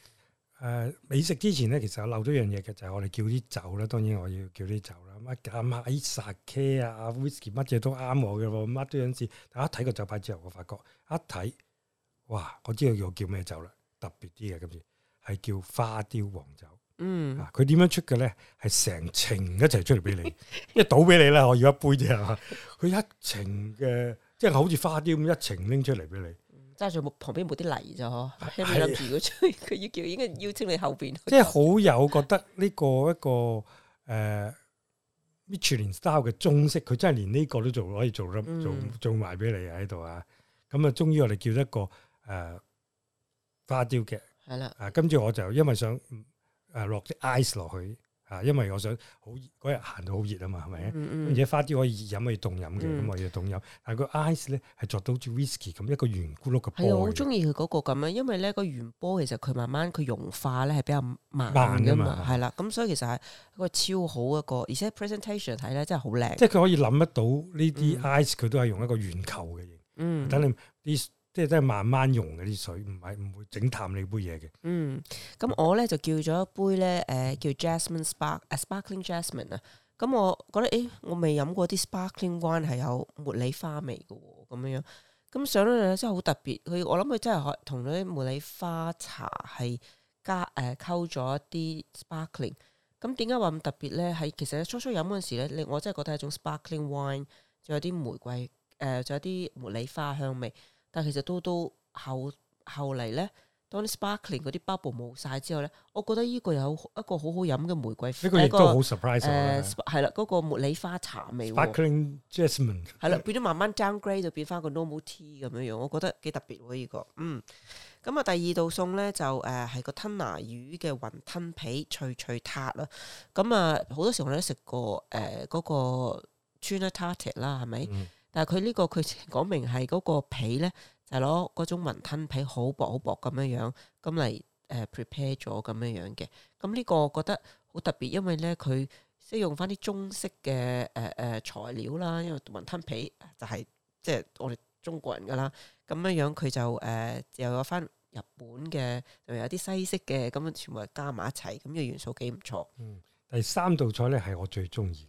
誒、呃、美食之前咧，其實我漏咗樣嘢嘅，就係、是、我哋叫啲酒啦。當然我要叫啲酒啦，乜減壓殺 K 啊，威士忌乜嘢都啱我嘅喎，乜都忍住。但一睇個酒牌之後，我發覺一睇，哇！我知道我叫咩酒啦，特別啲嘅今次係叫花雕黃酒。嗯，啊，佢點樣出嘅咧？係成埕一齊出嚟俾你， [LAUGHS] 一倒俾你啦。我要一杯啫嘛。佢一埕嘅，即係好似花雕咁一,一埕拎出嚟俾你。揸住木旁邊冇啲泥咋嗬？一唔留意佢要叫，應該邀請你後邊。即係好有覺得呢個一個誒，Michelin style 嘅中式，佢真係連呢個都做，可以做咗、嗯、做做埋俾你喺度啊！咁、嗯、啊，終於、嗯、我哋叫一個誒、呃、花雕嘅係啦。的啊，跟住我就因為想誒落啲 ice 落去。啊！因為我想好嗰日行到好熱啊嘛，係咪？而且花雕可以熱飲可以凍飲嘅，咁我要凍飲。嗯、但係個 ice 咧係作到好似 whisky 咁一個圓咕碌嘅。我好中意佢嗰個咁樣，因為咧個圓波其實佢慢慢佢融化咧係比較慢㗎嘛，係啦。咁所以其實係一個超好一個，而且 presentation 睇咧真係好靚。即係佢可以諗得到呢啲 ice，佢都係用一個圓球嘅形，等、嗯、你即係真係慢慢用嘅啲水，唔係唔會整淡你杯嘢嘅、嗯啊。嗯，咁我咧就叫咗一杯咧，誒叫 jasmine spark，sparkling jasmine 啊。咁我覺得，誒、欸、我未飲過啲 sparkling wine 係有茉莉花味嘅喎，咁樣樣。咁上到嚟咧真係好特別。佢我諗佢真係可同嗰啲茉莉花茶係加誒溝咗一啲 sparkling。咁點解話咁特別咧？喺其實初初飲嗰陣時咧，我真係覺得係一種 sparkling wine，仲有啲玫瑰誒，仲、呃、有啲茉莉花香味。但其實都到後後嚟咧，當啲 sparkling 嗰啲 bubble 冇晒之後咧，我覺得呢個有一個好好飲嘅玫瑰花，呢個亦都好 surprise 我啦。係啦、呃，嗰個茉莉花茶味 sparkling jasmine，係啦，吧變咗慢慢 down grade 就變翻個 normal tea 咁樣樣，我覺得幾特別喎呢個。嗯，咁啊，第二道餸咧就誒係、呃、個吞拿魚嘅雲吞皮脆脆塔啦。咁啊，好、呃、多時候我都食過誒嗰、呃那個 tuna tart 啦，係咪？但係佢呢個佢講明係嗰個皮咧，就攞、係、嗰種雲吞皮好薄好薄咁樣樣，咁嚟誒 prepare 咗咁樣、呃、咁樣嘅。咁呢個我覺得好特別，因為咧佢即係用翻啲中式嘅誒誒材料啦，因為雲吞皮就係即係我哋中國人噶啦。咁樣樣佢就誒又、呃、有翻日本嘅，又有啲西式嘅，咁全部加埋一齊，咁嘅元素幾唔錯。嗯，第三道菜咧係我最中意。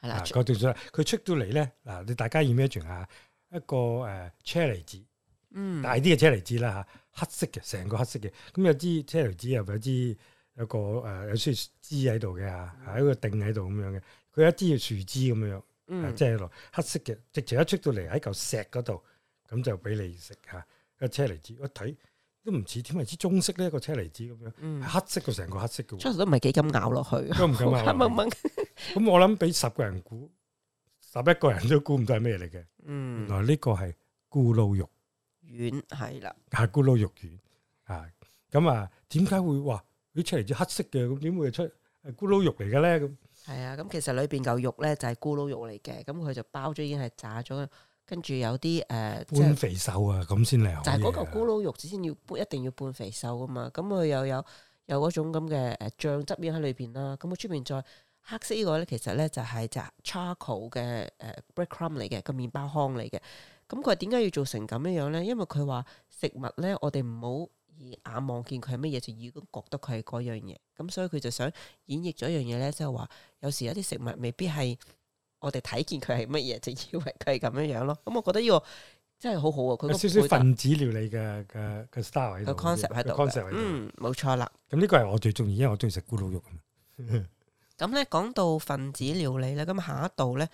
係啦，講段數啦，佢出到嚟咧，嗱你大家 imagine 下一個誒車厘子，嗯，大啲嘅車厘子啦吓，黑色嘅，成個黑色嘅，咁有支車厘子又，有支有個誒有支樹枝喺度嘅吓，喺個頂喺度咁樣嘅，佢有一支樹枝咁樣，嗯，掟落黑色嘅，直情一出到嚟喺嚿石嗰度，咁就俾你食吓個車厘子，我睇都唔似點，係支棕色咧個車厘子咁樣，嗯，黑色嘅成個黑色嘅，初頭都唔係幾敢咬落去，都唔敢啊，懵懵。咁 [LAUGHS] 我諗俾十個人估，十一個人都估唔到係咩嚟嘅。嗯，原來呢個係咕嚕肉丸，係啦，係咕嚕肉丸。啊。咁啊，點解會哇，佢出嚟隻黑色嘅，咁點會出係咕嚕肉嚟嘅咧？咁係啊。咁其實裏邊嚿肉咧就係咕嚕肉嚟嘅，咁佢就包咗已經係炸咗，跟住有啲誒、呃、半肥瘦啊，咁先嚟。但係嗰嚿咕嚕肉先要一定要半肥瘦㗎嘛。咁佢、嗯、又有有嗰種咁嘅誒醬汁面喺裏邊啦。咁佢出邊再。黑色呢個咧，其實咧就係就 charcoal 嘅誒 bread crumb 嚟嘅，個麵包糠嚟嘅。咁佢點解要做成咁樣樣咧？因為佢話食物咧，我哋唔好以眼望見佢係乜嘢，就已經覺得佢係嗰樣嘢。咁所以佢就想演繹咗一樣嘢咧，即係話有時有啲食物未必係我哋睇見佢係乜嘢，就以為佢係咁樣樣咯。咁我覺得呢個真係好好啊！佢有少少分子料理嘅嘅 style 喺度，concept 喺度，concept 喺度。嗯，冇錯、嗯嗯、啦。咁呢、嗯這個係我最中意，因為我中意食咕嚕肉，肉。 [LAUGHS] 咁咧講到分子料理咧，咁下一道咧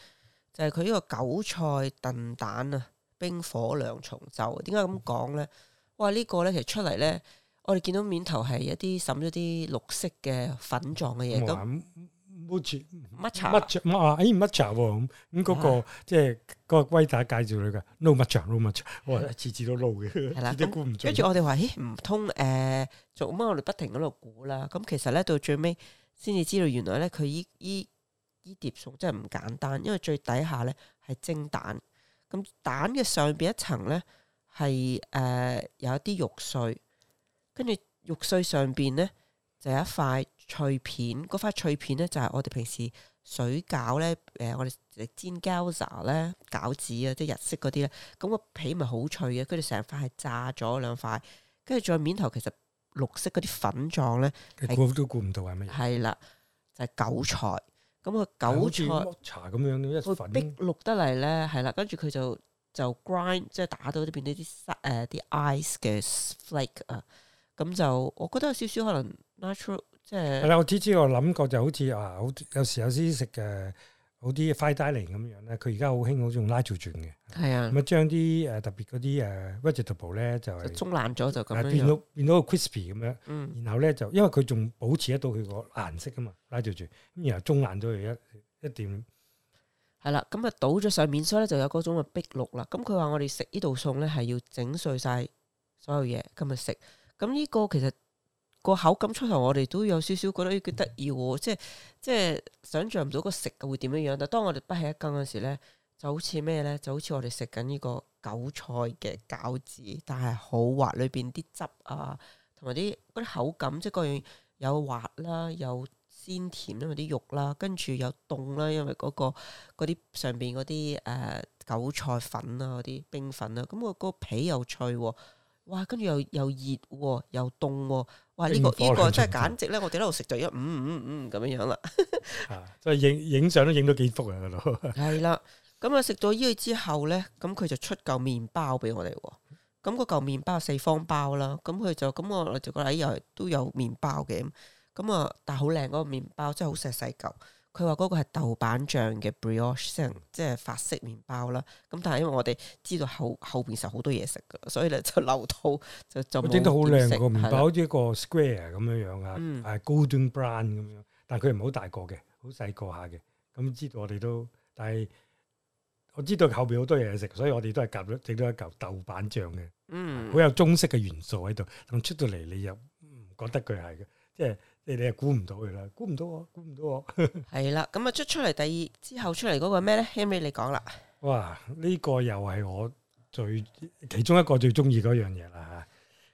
就係佢呢個韭菜燉蛋啊，冰火兩重奏。點解咁講咧？哇，呢個咧其實出嚟咧，我哋見到面頭係一啲揾咗啲綠色嘅粉狀嘅嘢咁，唔好錢 match match 咁啊！誒 match 咁咁嗰個即係個威打介紹佢噶，no match，no match，哇，次次都撈嘅，始終估唔。跟住我哋話，咦，唔通誒做乜？我哋不停喺度估啦。咁其實咧到最尾。先至知道原來咧，佢依依依碟餸真係唔簡單，因為最底下咧係蒸蛋，咁蛋嘅上邊一層咧係誒有一啲肉碎，跟住肉碎上邊咧就有一塊脆片，嗰塊脆片咧就係、是、我哋平時水餃咧，誒、呃、我哋煎餃子咧餃子啊，即係日式嗰啲咧，咁、嗯、個皮咪好脆嘅，佢哋成塊係炸咗兩塊，跟住再面頭其實。綠色嗰啲粉狀咧，你估猜是都估唔到係咩？係啦，就係、是、韭菜。咁個韭菜茶咁樣，一粉綠得嚟咧，係粉啦。跟住佢就就 grind，即係打到變到啲沙誒啲 ice 嘅 flake 啊。咁就我覺得有少少可能 natural，即係。係啦，我之知我諗過就好似啊，好有時有啲食嘅。冇啲快帶嚟咁樣咧，佢而家好興好用拉條轉嘅，係啊，咁啊將啲誒特別嗰啲誒 vegetable 咧就，就中爛咗就咁樣，變到變到個 crispy 咁樣，嗯，然後咧就因為佢仲保持得到佢個顏色噶嘛，拉條轉，咁然後中爛咗佢一一點，係啦、啊，咁啊倒咗上面，所以咧就有嗰種嘅碧綠啦。咁佢話我哋食呢道餸咧係要整碎晒所有嘢，今日食，咁呢個其實。個口感出頭，我哋都有少少覺得咦幾得意喎！即係即係想像唔到個食會點樣樣。但係當我哋不起一羹嗰時咧，就好似咩咧？就好似我哋食緊呢個韭菜嘅餃子，但係好滑，裏邊啲汁啊，同埋啲嗰啲口感即係各樣有滑啦，有鮮甜，因為啲肉啦，跟住有凍啦，因為嗰、嗰個嗰啲上邊嗰啲誒韭菜粉啊嗰啲冰粉、那個、啊，咁個個皮又脆喎。哇！跟住又又熱喎、哦，又凍喎、哦。哇！呢、這個呢、這個真係簡直咧，我哋喺度食就一五五五咁樣樣啦、 [LAUGHS] 啊。就影影相都影到幾幅啊！嗰度係啦。咁啊，食咗呢個之後咧，咁佢就出嚿麵包俾我哋喎。咁個嚿麵包四方包啦。咁佢就咁我就覺得、哎、都有麵包嘅。咁啊，但係好靚嗰個麵包，真係好細細嚿。嗯嗯佢話嗰個係豆瓣醬嘅 brioche，即係法式麵包啦。咁、嗯、但係因為我哋知道後後邊食好多嘢食嘅，所以咧就留到就就整得好靚個麵包個，好似一個 square 咁樣樣啊，係 golden brown 咁樣。但係佢唔係好大個嘅，好細個下嘅。咁知道我哋都，但係我知道後邊好多嘢食，所以我哋都係夾咗整咗一嚿豆瓣醬嘅。嗯，好有中式嘅元素喺度。咁出到嚟你又唔覺得佢係嘅，即係。你哋又估唔到嘅啦，估唔到啊，估唔到啊！係 [LAUGHS] 啦，咁啊出出嚟第二之後出嚟嗰個咩咧 Henry 你講啦。哇！呢、呢個又係我最其中一個最中意嗰樣嘢啦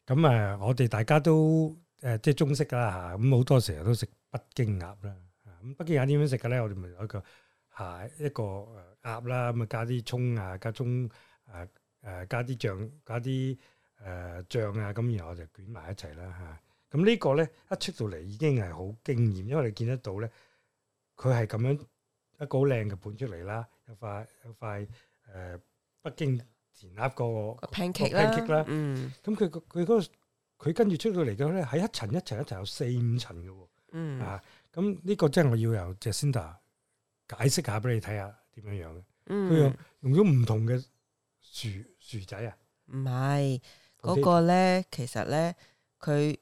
嚇。咁啊,啊，我哋大家都誒、啊、即係中式啦嚇。咁、啊、好多時候都食北京鴨啦。咁、啊、北京鴨點樣食嘅咧？我哋咪有一個嚇、啊、一個鴨啦，咁啊加啲葱啊，加葱啊誒，加啲醬加啲誒醬啊，咁、啊啊、然後我就捲埋一齊啦嚇。啊咁呢個咧一出到嚟已經係好驚艷，因為你見得到咧，佢係咁樣一個好靚嘅盤出嚟啦，有塊有塊誒、呃、北京填鴨個 pancake 啦，嗯，咁佢佢嗰個佢跟住出到嚟嘅咧，喺一,一層一層一層有四五層嘅、哦，嗯啊，咁、這、呢個真係我要由 Jacinda 解釋下俾你睇下點樣樣嘅，佢、嗯、用用咗唔同嘅薯薯仔啊，唔係嗰個咧，其實咧佢。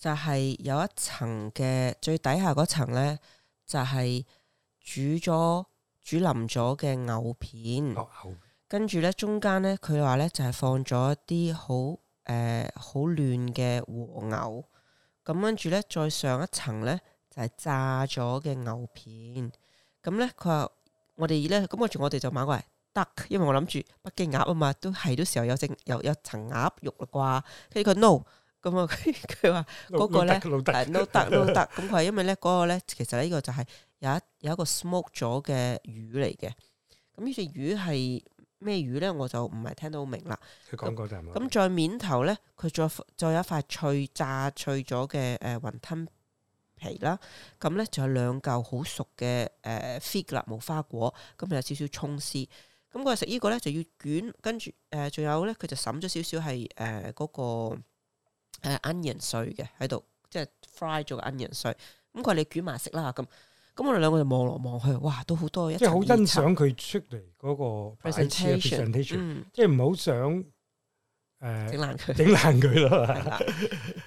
就係有一層嘅最底下嗰層呢，就係、是、煮咗煮腍咗嘅牛片，哦、跟住呢，中間呢，佢話呢就係、是、放咗啲好誒好嫩嘅和牛，咁跟住呢，再上一層呢，就係、是、炸咗嘅牛片，咁呢，佢話我哋呢，咁跟住我哋就買過嚟得，因為我諗住北京鴨啊嘛，都係嗰時候有隻有有層鴨肉啦啩，跟住佢 no。咁、嗯、啊！佢佢話嗰個咧都得都得，咁佢係因為咧嗰個咧，其實呢個就係有一有一個 Smoke 咗嘅魚嚟嘅。咁呢隻魚係咩魚咧？我就唔係聽到明啦。咁、嗯。再面頭咧，佢再再有一塊脆炸脆咗嘅誒雲吞皮啦。咁咧就有兩嚿好熟嘅誒 fig 啦，無花果，咁有少少葱絲。咁佢食呢個咧就要捲，跟住誒仲有咧佢就審咗少少係誒嗰個。啊係杏仁碎嘅喺度，即係 fry 做個杏仁碎咁。佢話你捲埋食啦咁，咁我哋兩個就望落望去，哇，都好多。即係好欣賞佢出嚟嗰個 presentation，即係唔好想誒整爛佢，整爛佢咯。係啦。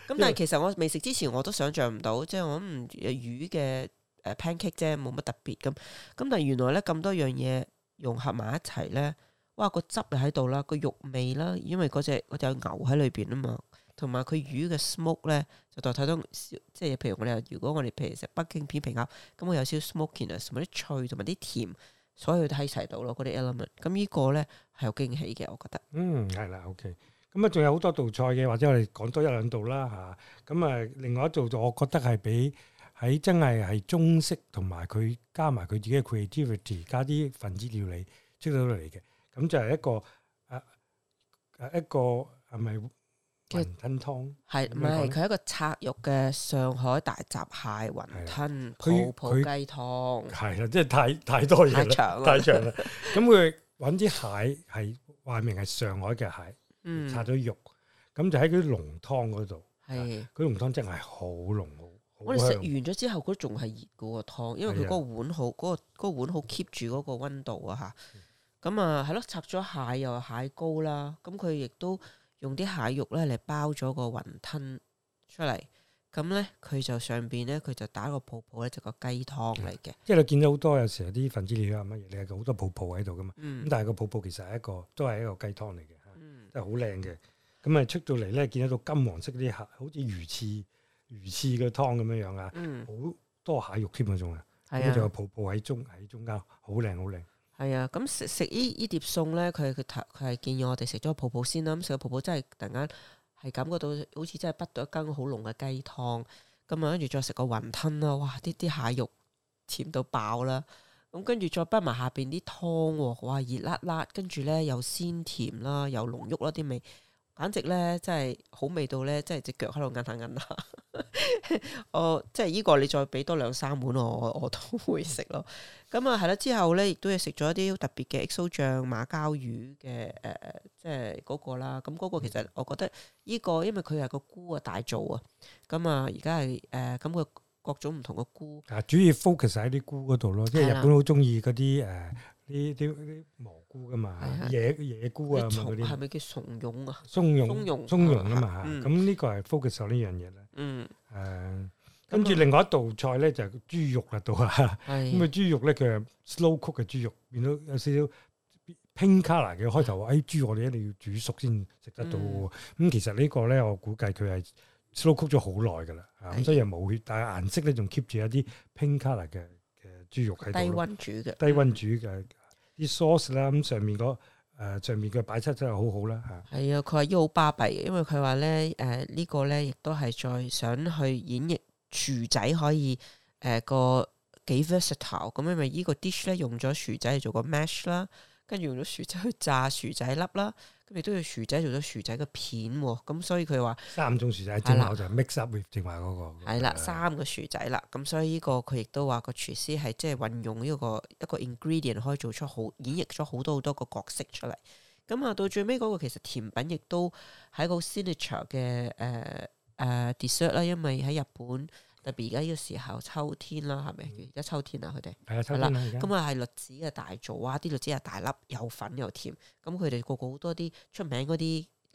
咁但係其實我未食之前，我都想象唔到，即係我唔魚嘅誒 pancake 呢，冇乜特別咁。咁但係原來咧咁多樣嘢融合埋一齊咧，哇個汁又喺度啦，個肉味啦，因為嗰隻嗰隻牛喺裏邊啊嘛。同埋佢魚嘅 smoke 咧，就代替到，即係譬如我哋如果我哋譬如食北京片皮鴨，咁會有少 smokiness，同埋啲脆同埋啲甜，所以佢睇齊到咯嗰啲 element。咁呢個咧係有驚喜嘅，我覺得。嗯，係啦，OK。咁啊，仲有好多道菜嘅，或者我哋講多一兩道啦吓。咁啊，另外一道，我覺得係畀喺真係係中式同埋佢加埋佢自己嘅 creativity，加啲分子料理出到嚟嘅。咁就係一個啊啊一個係咪？雲吞湯係唔係？佢係一個拆肉嘅上海大閘蟹雲吞，泡泡雞湯係啦，即係太太多嘢啦，太長啦。咁佢搵啲蟹，係話明係上海嘅蟹，拆咗、嗯、肉，咁就喺佢濃湯嗰度。係的，佢濃湯真係好濃的香我哋食完咗之後，佢仲係熱嘅喎湯，因為佢個碗好，嗰、嗰個碗好 keep 住嗰個温度啊吓。咁、嗯、啊，係、嗯、咯，拆咗、嗯、蟹又蟹膏啦，咁佢亦都。用啲蟹肉咧嚟包咗個雲吞出嚟，咁咧佢就上邊咧佢就打個泡泡咧，就是、個雞湯嚟嘅。因為你見到好多有時啲分子料啊乜嘢，你係好多泡泡喺度噶嘛。咁、嗯、但係個泡泡其實係一個都係一個雞湯嚟嘅，都係好靚嘅。咁啊出到嚟咧，見得到金黃色啲好似魚翅魚翅嘅湯咁樣樣啊，好、嗯、多蟹肉添嗰種啊，跟住仲有，、嗯、有泡泡喺中喺中間，好靚好靚。係啊，咁食食依依碟餸咧，佢佢佢係建議我哋食咗個泡泡先啦。咁食個泡泡真係突然間係感覺到好似真係畢到一羹好濃嘅雞湯。咁啊，跟住再食個雲吞啦，哇！啲啲蟹肉甜到爆啦。咁跟住再畢埋下邊啲湯，哇、哎！熱辣辣，跟住咧又鮮甜啦，又濃郁啦啲味。簡直咧，真係好味到咧，真係隻腳喺度揞下揞下。 [LAUGHS] 我即係依個你再俾多兩三碗我，我都會食咯。咁、嗯、啊，係啦、嗯，之後咧亦都係食咗一啲特別嘅 XO 醬馬鮫魚嘅誒、呃，即係嗰、那個啦。咁、嗯、嗰、那個其實我覺得依、這個，因為佢係個菇啊大造啊。咁、嗯、啊，而家係誒咁個各種唔同嘅菇。啊，主要 focus 喺啲菇嗰度咯，即係日本好中意嗰啲誒。呢啲啲蘑菇噶嘛，野野菇啊嗰啲，係咪叫松茸啊？松茸，松茸，松茸啊嘛嚇，咁呢個係 focus 呢樣嘢啦。嗯。誒，跟住另外一道菜咧就係豬肉啦，到啊。咁啊豬肉咧，佢係 slow cook 嘅豬肉，變到有少少 pink color 嘅。開頭話誒豬，我哋一定要煮熟先食得到。咁其實呢個咧，我估計佢係 slow cook 咗好耐㗎啦。咁所以又冇血，但係顏色咧仲 keep 住一啲 pink color 嘅。豬肉低温煮嘅，嗯、低温煮嘅啲 sauce 啦，咁上面嗰誒、呃、上面嘅擺設真係好好啦嚇。係啊，佢話依好巴閉，因為佢話咧誒呢、呃這個咧亦都係再想去演繹薯仔可以誒個、呃、幾 versatile，咁樣咪依個 dish 咧用咗薯仔做個 mash 啦。跟住用咗薯仔去炸薯仔粒啦，咁亦都要薯仔做咗薯仔嘅片，咁所以佢話三種薯仔，正話就 mix up with 正話嗰個。係啦的，的三個薯仔啦，咁所以呢個佢亦都話個廚師係即係運用呢個一個 ingredient 可以做出好演繹咗好多好多個角色出嚟。咁、嗯、啊到最尾嗰個其實甜品亦都係個 signature 嘅誒誒、呃呃、dessert 啦，因為喺日本。特別而家呢個時候秋天啦，係咪？而家秋天啊，佢哋係啊，秋天啦咁啊係栗子嘅大造啊，啲栗子又大粒又粉又甜。咁佢哋個個好多啲出名嗰啲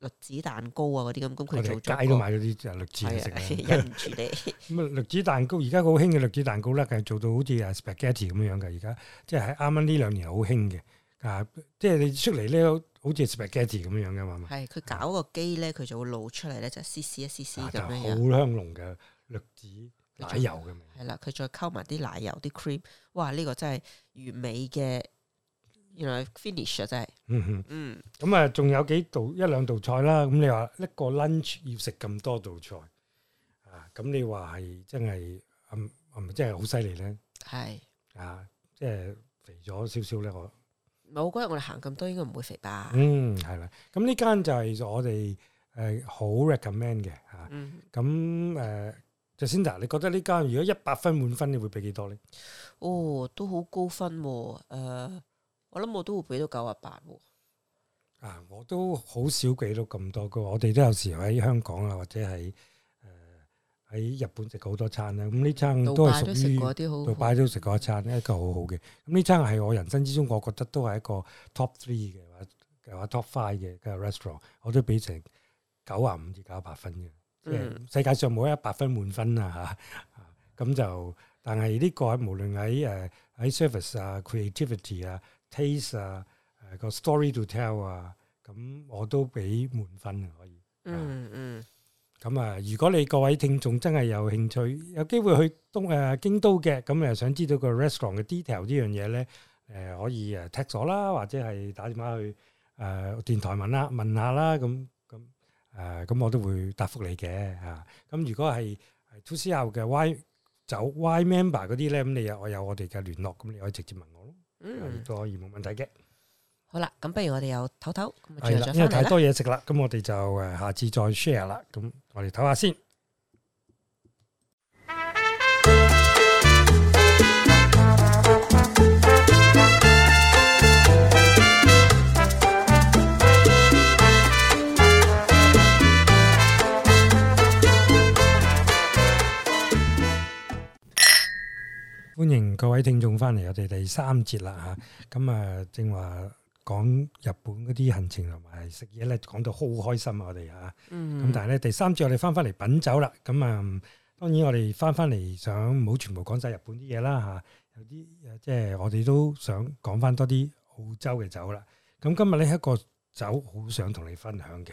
栗子蛋糕啊，嗰啲咁。咁佢做街都買嗰啲就栗子食。引住你。咁啊栗子蛋糕而家好興嘅栗子蛋糕啦，係做到好似 spaghetti 咁樣樣嘅而家，即係喺啱啱呢兩年好興嘅。啊，即係你出嚟咧，好似 spaghetti 咁樣樣嘅嘛嘛。佢、啊、搞個機咧，佢、啊、就會露出嚟咧，就絲絲一絲絲咁樣好、啊就是、香濃嘅栗子。 [MUSIC] [MUSIC] 奶油嘅味係啦，佢再溝埋啲奶油啲 cream，哇！呢個真係完美嘅，原來 finish 啊，真係。嗯嗯。咁啊，仲有幾道一兩道菜啦。咁你話一個 lunch 要食咁多道菜啊？咁你話係真係係咪真係好犀利咧。係啊，即係肥咗少少咧。我冇嗰日我哋行咁多，應該唔會肥吧？嗯，係啦。咁呢間就係我哋誒好 recommend 嘅吓。嗯。咁誒。就先得，Jacinda, 你覺得呢間如果一百分滿分，你會俾幾多咧？哦，都好高分喎！啊。誒、呃，我諗我都會俾到九啊八喎。啊，我都好少記到咁多噶，我哋都有時喺香港啊，或者係誒喺日本食好多餐咧。咁呢餐都係屬於，都食過一、過一、嗯、餐呢，一個好好嘅。咁呢餐係我人生之中，我覺得都係一個 top three 嘅，話 top five 嘅嘅 restaurant，我都俾成九啊五至九啊八分嘅。即係世界上冇一百分滿分啊吓，咁就但係呢個無論喺誒喺 service 啊 creativity 啊 taste 啊個 story to tell 啊，咁我都俾滿分啊可以。嗯嗯。咁啊，如果你各位聽眾真係有興趣，有機會去東誒京都嘅，咁又想知道個 restaurant 嘅 detail 呢樣嘢咧，誒可以誒 text 咗啦，或者係打電話去誒電台問啦，問下啦咁。誒，咁、啊、我都會答覆你嘅吓。咁、啊、如果係係 2CR 嘅 Y 就 Y member 嗰啲咧，咁你有我有我哋嘅聯絡，咁你可以直接問我咯，亦、嗯、都可以冇問題嘅。好啦，咁不如我哋又唞唞，咁啦，因為太多嘢食啦，咁我哋就誒下次再 share 啦。咁我哋唞下先。歡迎各位聽眾翻嚟，我哋第三節啦吓，咁、啊、正話講日本嗰啲行程同埋食嘢咧，講到好開心啊我哋吓，咁、啊嗯、但係咧第三節我哋翻翻嚟品酒啦，咁、嗯、啊當然我哋翻翻嚟想唔好全部講晒日本啲嘢啦吓，有啲即係我哋都想講翻多啲澳洲嘅酒啦，咁、嗯、今日咧一個酒好想同你分享嘅，咁、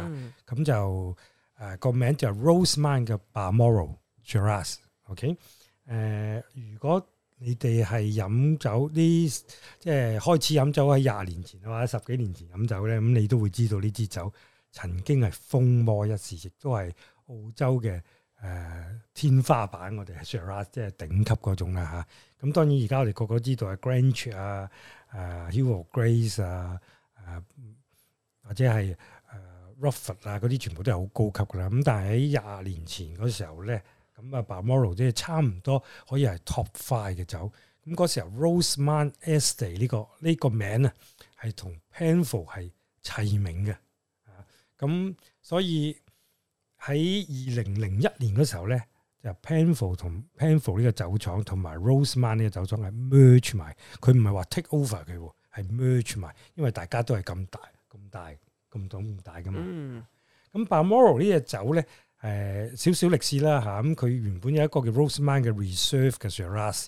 啊嗯嗯、就誒個、呃、名叫 Rosemount 嘅 Balmoral Syrah，OK。誒、呃，如果你哋係飲酒啲，即係開始飲酒喺廿年前啊，或者十幾年前飲酒咧，咁、嗯、你都會知道呢支酒曾經係風靡一時，亦都係澳洲嘅誒、呃、天花板。我哋 Shiraz 即係頂級嗰種啦，咁、啊、當然而家我哋個個知道係 Grange 啊、誒、啊、Hill of Grace 啊、誒、啊、或者係誒、啊、r u t f o r d 嗰、啊、啲，全部都係好高級噶啦。咁但係喺廿年前嗰時候咧。咁啊，Balmoral 即係差唔多可以係 top five 嘅酒。咁嗰時候 Rosemount Estate 呢、呢個呢、呢個名啊，係同 Penfolds 係齊名嘅。啊，咁所以喺二零零一年嗰時候咧，就是、Penfolds 同 Penfolds 呢個酒廠同埋 Rosemount 呢個酒廠係 merge 埋。佢唔係話 take over 佢，係 merge 埋，因為大家都係咁大、咁大、咁懂咁大噶嘛。嗯、erm。咁 Balmoral 呢隻酒咧。誒，少少歷史啦吓，咁、啊、佢原本有一個叫 Rosemount 嘅 reserve 嘅 Syrah，咁、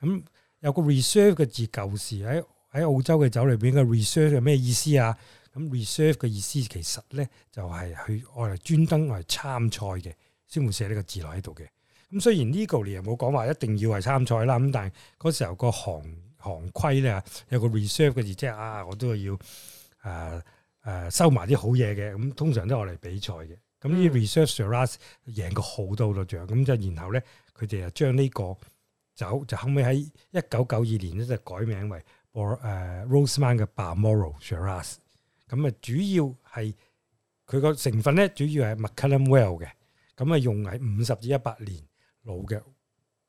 嗯、有個 reserve 嘅字舊，舊時喺喺澳洲嘅酒裏邊嘅、那個、reserve 係咩意思啊？咁 reserve 嘅意思其實咧就係去我嚟專登嚟參賽嘅，先會寫呢個字落喺度嘅。咁、嗯、雖然 legally 又冇講話一定要係參賽啦，咁、嗯、但係嗰時候個行行規咧有個 reserve 嘅字，即係啊，我都係要誒誒、啊啊啊、收埋啲好嘢嘅，咁、嗯、通常都係我嚟比賽嘅。咁呢啲 research Shiraz 贏過好多好多獎，咁就然後咧，佢哋就將呢個酒就後尾喺一九九二年咧就改名為、B、or、uh, Rosemount 嘅 Balmoral Shiraz，咁啊主要係佢個成分咧主要係 McLaren、um、Vale 嘅，咁啊用喺五十至一百年老嘅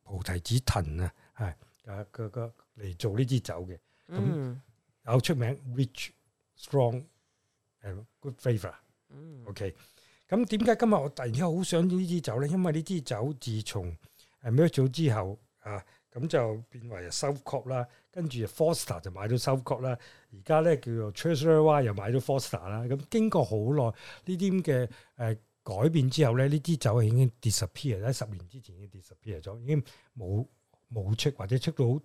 菩提子藤啊，係啊個個嚟做呢支酒嘅，咁有出名、嗯、rich strong and good flavour、okay?、嗯咁點解今日我突然之間好想呢支酒咧？因為呢支酒自從 merge 咗之後啊，咁就變為 Southcorp 啦，跟住 Foster 就買咗 Southcorp 啦，而家咧叫做 Treasury 又買咗 Foster 啦。咁經過好耐呢啲咁嘅誒改變之後咧，呢支酒已經 disappear。喺十年之前已經 disappear 咗，已經冇冇出或者出到好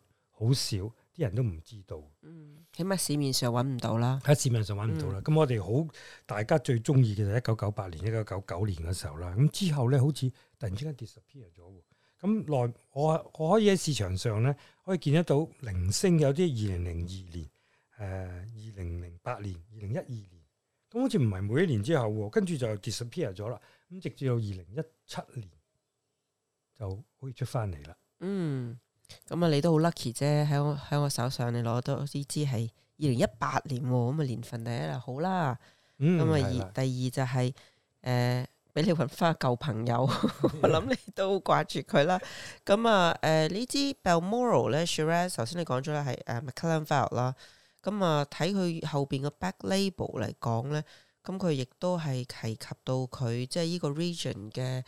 好少。啲人都唔知道，嗯，起碼市面上揾唔到啦。喺市面上揾唔到啦，嗯。咁我哋好大家最中意嘅就係一九九八年、一九九九年嘅時候啦。咁之後咧，好似突然之間 disappear 咗。咁耐我我可以喺市場上咧可以見得到零星有啲二零零二年、誒二零零八年、二零一二年。咁好似唔係每一年之後，跟住就 disappear 咗啦。咁直至到二零一七年就可以出翻嚟啦。嗯。咁啊，你都好 lucky 啫，喺我喺我手上，你攞到呢支係二零一八年，咁啊年份第一日好啦，咁啊二第二就係、是、誒，俾、呃、你搵翻舊朋友，嗯、 [LAUGHS] 我諗你都掛住佢啦。咁、嗯、啊，誒呢支 b e l m o r a l 咧，Shire，首先你講咗啦，係誒 Maclean f a l e 啦。咁啊，睇佢後邊嘅 Back Label 嚟講咧，咁佢亦都係提及到佢即係呢個 Region 嘅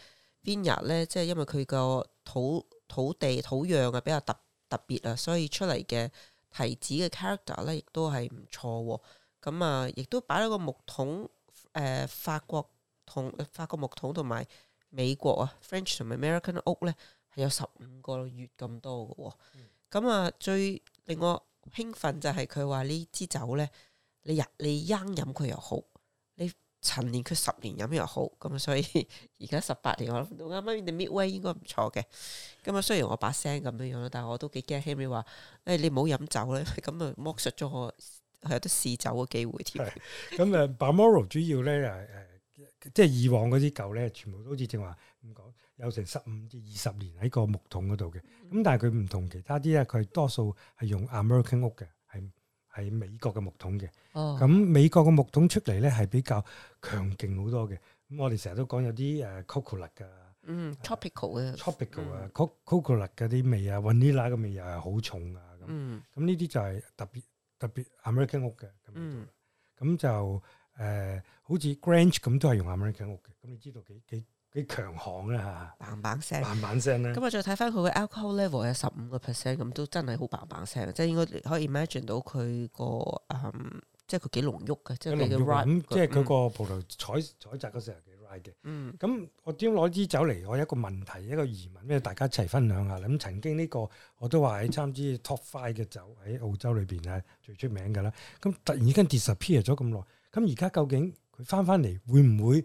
v i 邊日咧，即、就、係、是、因為佢個土。土地土壤啊，比較特特別啊，所以出嚟嘅提子嘅 character 咧，亦都係唔錯。咁啊，亦都擺咗個木桶誒、呃、法國同法國木桶同埋美國啊 French 同埋 American oak 咧，係有十五個月咁多嘅。咁啊、嗯嗯，最令我興奮就係佢話呢支酒咧，你日你釀飲佢又好。陳年佢十年飲又好，咁啊所以而家十八年我諗到啱啱你啲 Midway 應該唔錯嘅，咁啊雖然我把聲咁樣樣啦，但係我都幾驚佢哋話，誒、哎、你唔好飲酒咧，咁啊剝削咗我，係有得試酒嘅機會添。咁啊 Balmoral 主要咧誒，即係以往嗰啲舊咧，全部都好似正話咁講，有成十五至二十年喺個木桶嗰度嘅，咁但係佢唔同其他啲咧，佢多數係用 American 屋嘅。係美國嘅木桶嘅，咁、哦嗯、美國嘅木桶出嚟咧係比較強勁好多嘅。咁我哋成日都講有啲誒 cocoa 嘅，嗯，tropical 嘅 t o p i c a l 啊 cocoa 嗰啲味啊 vanilla 嘅味又係好重啊咁。咁呢啲就係特別特別 American 屋嘅。咁、嗯、就誒、uh, 好似 Grange 咁都係用 American 屋嘅。咁你知道幾幾？啲強項啦嚇，棒棒聲，棒棒聲咧。咁我再睇翻佢嘅 alcohol level 有十五個 percent，咁都真係好棒棒聲，即係應該可以 imagine 到佢個即係佢幾濃郁嘅，即係幾 ripe 咁即係佢個葡萄採採摘嗰時候幾 ripe 嘅。嗯。咁我點攞支酒嚟？我有一個問題，一個疑問，咩大家一齊分享下。咁曾經呢個我都話喺差唔多 top five 嘅酒喺澳洲裏邊係最出名嘅啦。咁突然間 disappear 咗咁耐，咁而家究竟佢翻翻嚟會唔會？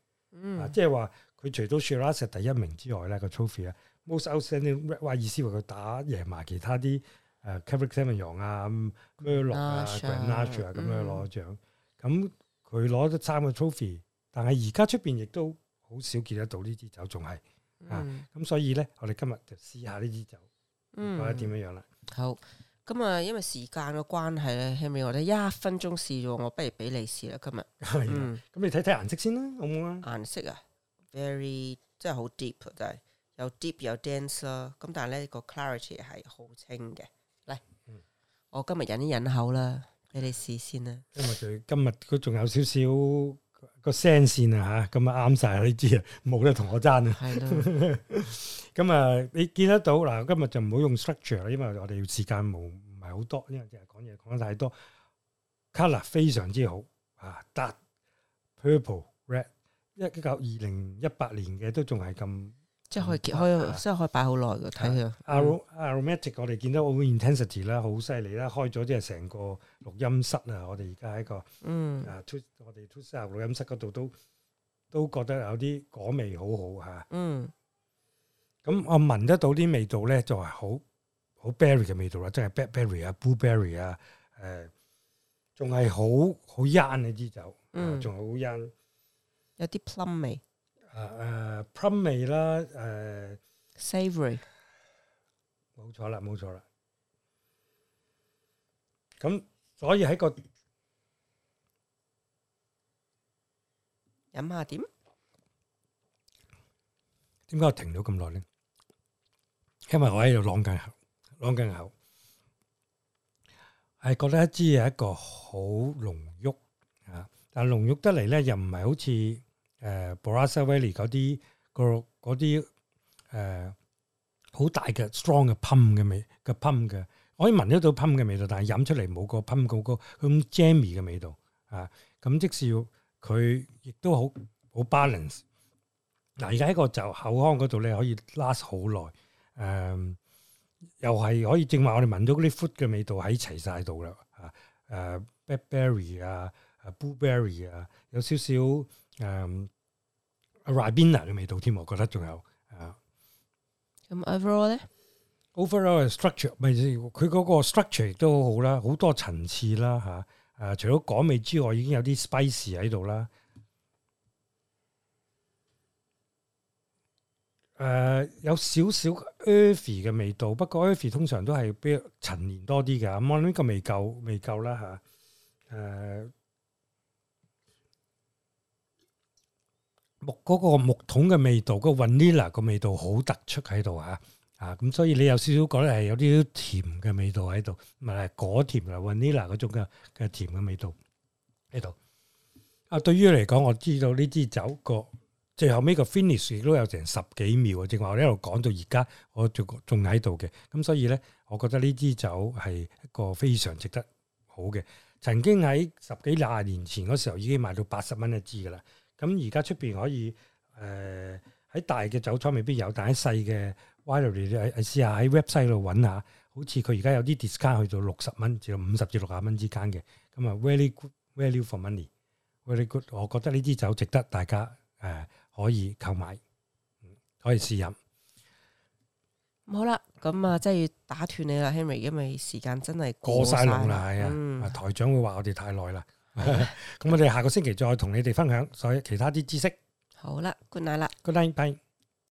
嗯，即係話佢除咗 Shiraz 第一名之外咧個 trophy 啊 most outstanding，話意思話佢打贏埋其他啲誒 Cabernet Sauvignon 啊、Merlot 啊、Grenache 啊咁、啊嗯、樣攞獎，咁佢攞咗三個 trophy，但係而家出邊亦都好少見得到呢支酒，仲係，啊，咁、嗯、所以咧，我哋今日就試下呢支酒，睇下點樣樣啦。好。咁啊，因為時間嘅關係咧，希望我得一分鐘試咗，我不如俾你試啦，今日。係。咁你睇睇顏色先啦，好唔好啊？顏色啊，very 真係好 deep，就係有 deep 有 dense 啦。咁但係咧個 clarity 係好清嘅。嚟，我今日忍一忍口啦，俾你試先啦。因為佢今日佢仲有少少。個聲線啊吓，咁啊啱晒呢支啊，冇得同我爭啊。係咯。咁啊，你見得到嗱？今日就唔好用 structure 啦，因為我哋要時間冇唔係好多，因為淨係講嘢講得太多。Colour 非常之好啊，dark purple red，一嚿二零一八年嘅都仲係咁。即係可以揭開，即係可以擺好耐嘅睇佢。Aromatic 我哋見到好 intensity 啦，好犀利啦，開咗即係成個錄音室啊！我哋而家喺個嗯啊，我哋 studio 錄音室嗰度都都覺得有啲果味好好吓。嗯。咁我聞得到啲味道咧，就係好好 berry 嘅味道啦，即係 blackberry 啊、blueberry 啊，誒，仲係好好 young 嗰支酒，仲好 young。有啲 plum 味。啊！誒，primary 啦，誒，savory，冇錯啦，冇錯啦。咁所以喺個飲下點？點解我停咗咁耐呢？因為我喺度啷緊口，啷緊口，係覺得一支係一個好濃郁啊！但係濃郁得嚟咧，又唔係好似～誒 Barossa Valley 嗰啲、那個嗰啲誒好大嘅 strong 嘅噴嘅味嘅噴嘅，可以聞到到噴嘅味道，但係飲出嚟冇個噴咁高，咁 Jammy 嘅味道啊，咁即使佢亦都好好 balance。嗱，而家一個就口腔嗰度咧，可以 last 好耐，誒、啊、又係可以正話我哋聞到啲 fruit 嘅味道喺齊晒度啦，啊誒 blackberry 啊，啊 blueberry 啊，有少少。誒、um, Arabina 嘅味道添，我覺得仲有啊。咁、uh, 嗯、overall 咧？Overall structure，咪佢嗰個 structure 亦都好好啦，好多層次啦吓。誒、啊啊，除咗果味之外，已經有啲 spice 喺度啦。誒、啊，有少少 Earthy 嘅味道，不過 Earthy 通常都係比較陳年多啲嘅，咁我諗呢個未夠，未夠啦吓。誒、啊。啊木個木桶嘅味道，個 vanilla 個味道好突出喺度吓，啊咁所以你有少少覺得係有啲甜嘅味道喺度，咪係果甜啦 vanilla 嗰種嘅嘅甜嘅味道喺度。啊，對於嚟講，我知道呢支酒個最後尾個 finish 都有成十幾秒啊，正話我一路講到而家，我仲仲喺度嘅。咁所以咧，我覺得呢支酒係一個非常值得好嘅。曾經喺十幾廿年前嗰時候，已經賣到八十蚊一支噶啦。咁而家出邊可以，誒、呃、喺大嘅酒廠未必有，但喺細嘅 whisky 試下喺 website 度揾下，好似佢而家有啲 discount 去到六十蚊至到五十至六十蚊之間嘅，咁啊 very good value for money，very good，我覺得呢支酒值得大家誒、呃、可以購買，可以試飲、嗯。好啦，咁啊，即係要打斷你啦，Henry，因為時間真係過晒龍啦，係啊，嗯、台長會話我哋太耐啦。咁我哋下個星期再同你哋分享，所有其他啲知識。好啦，good night 啦，good night bye。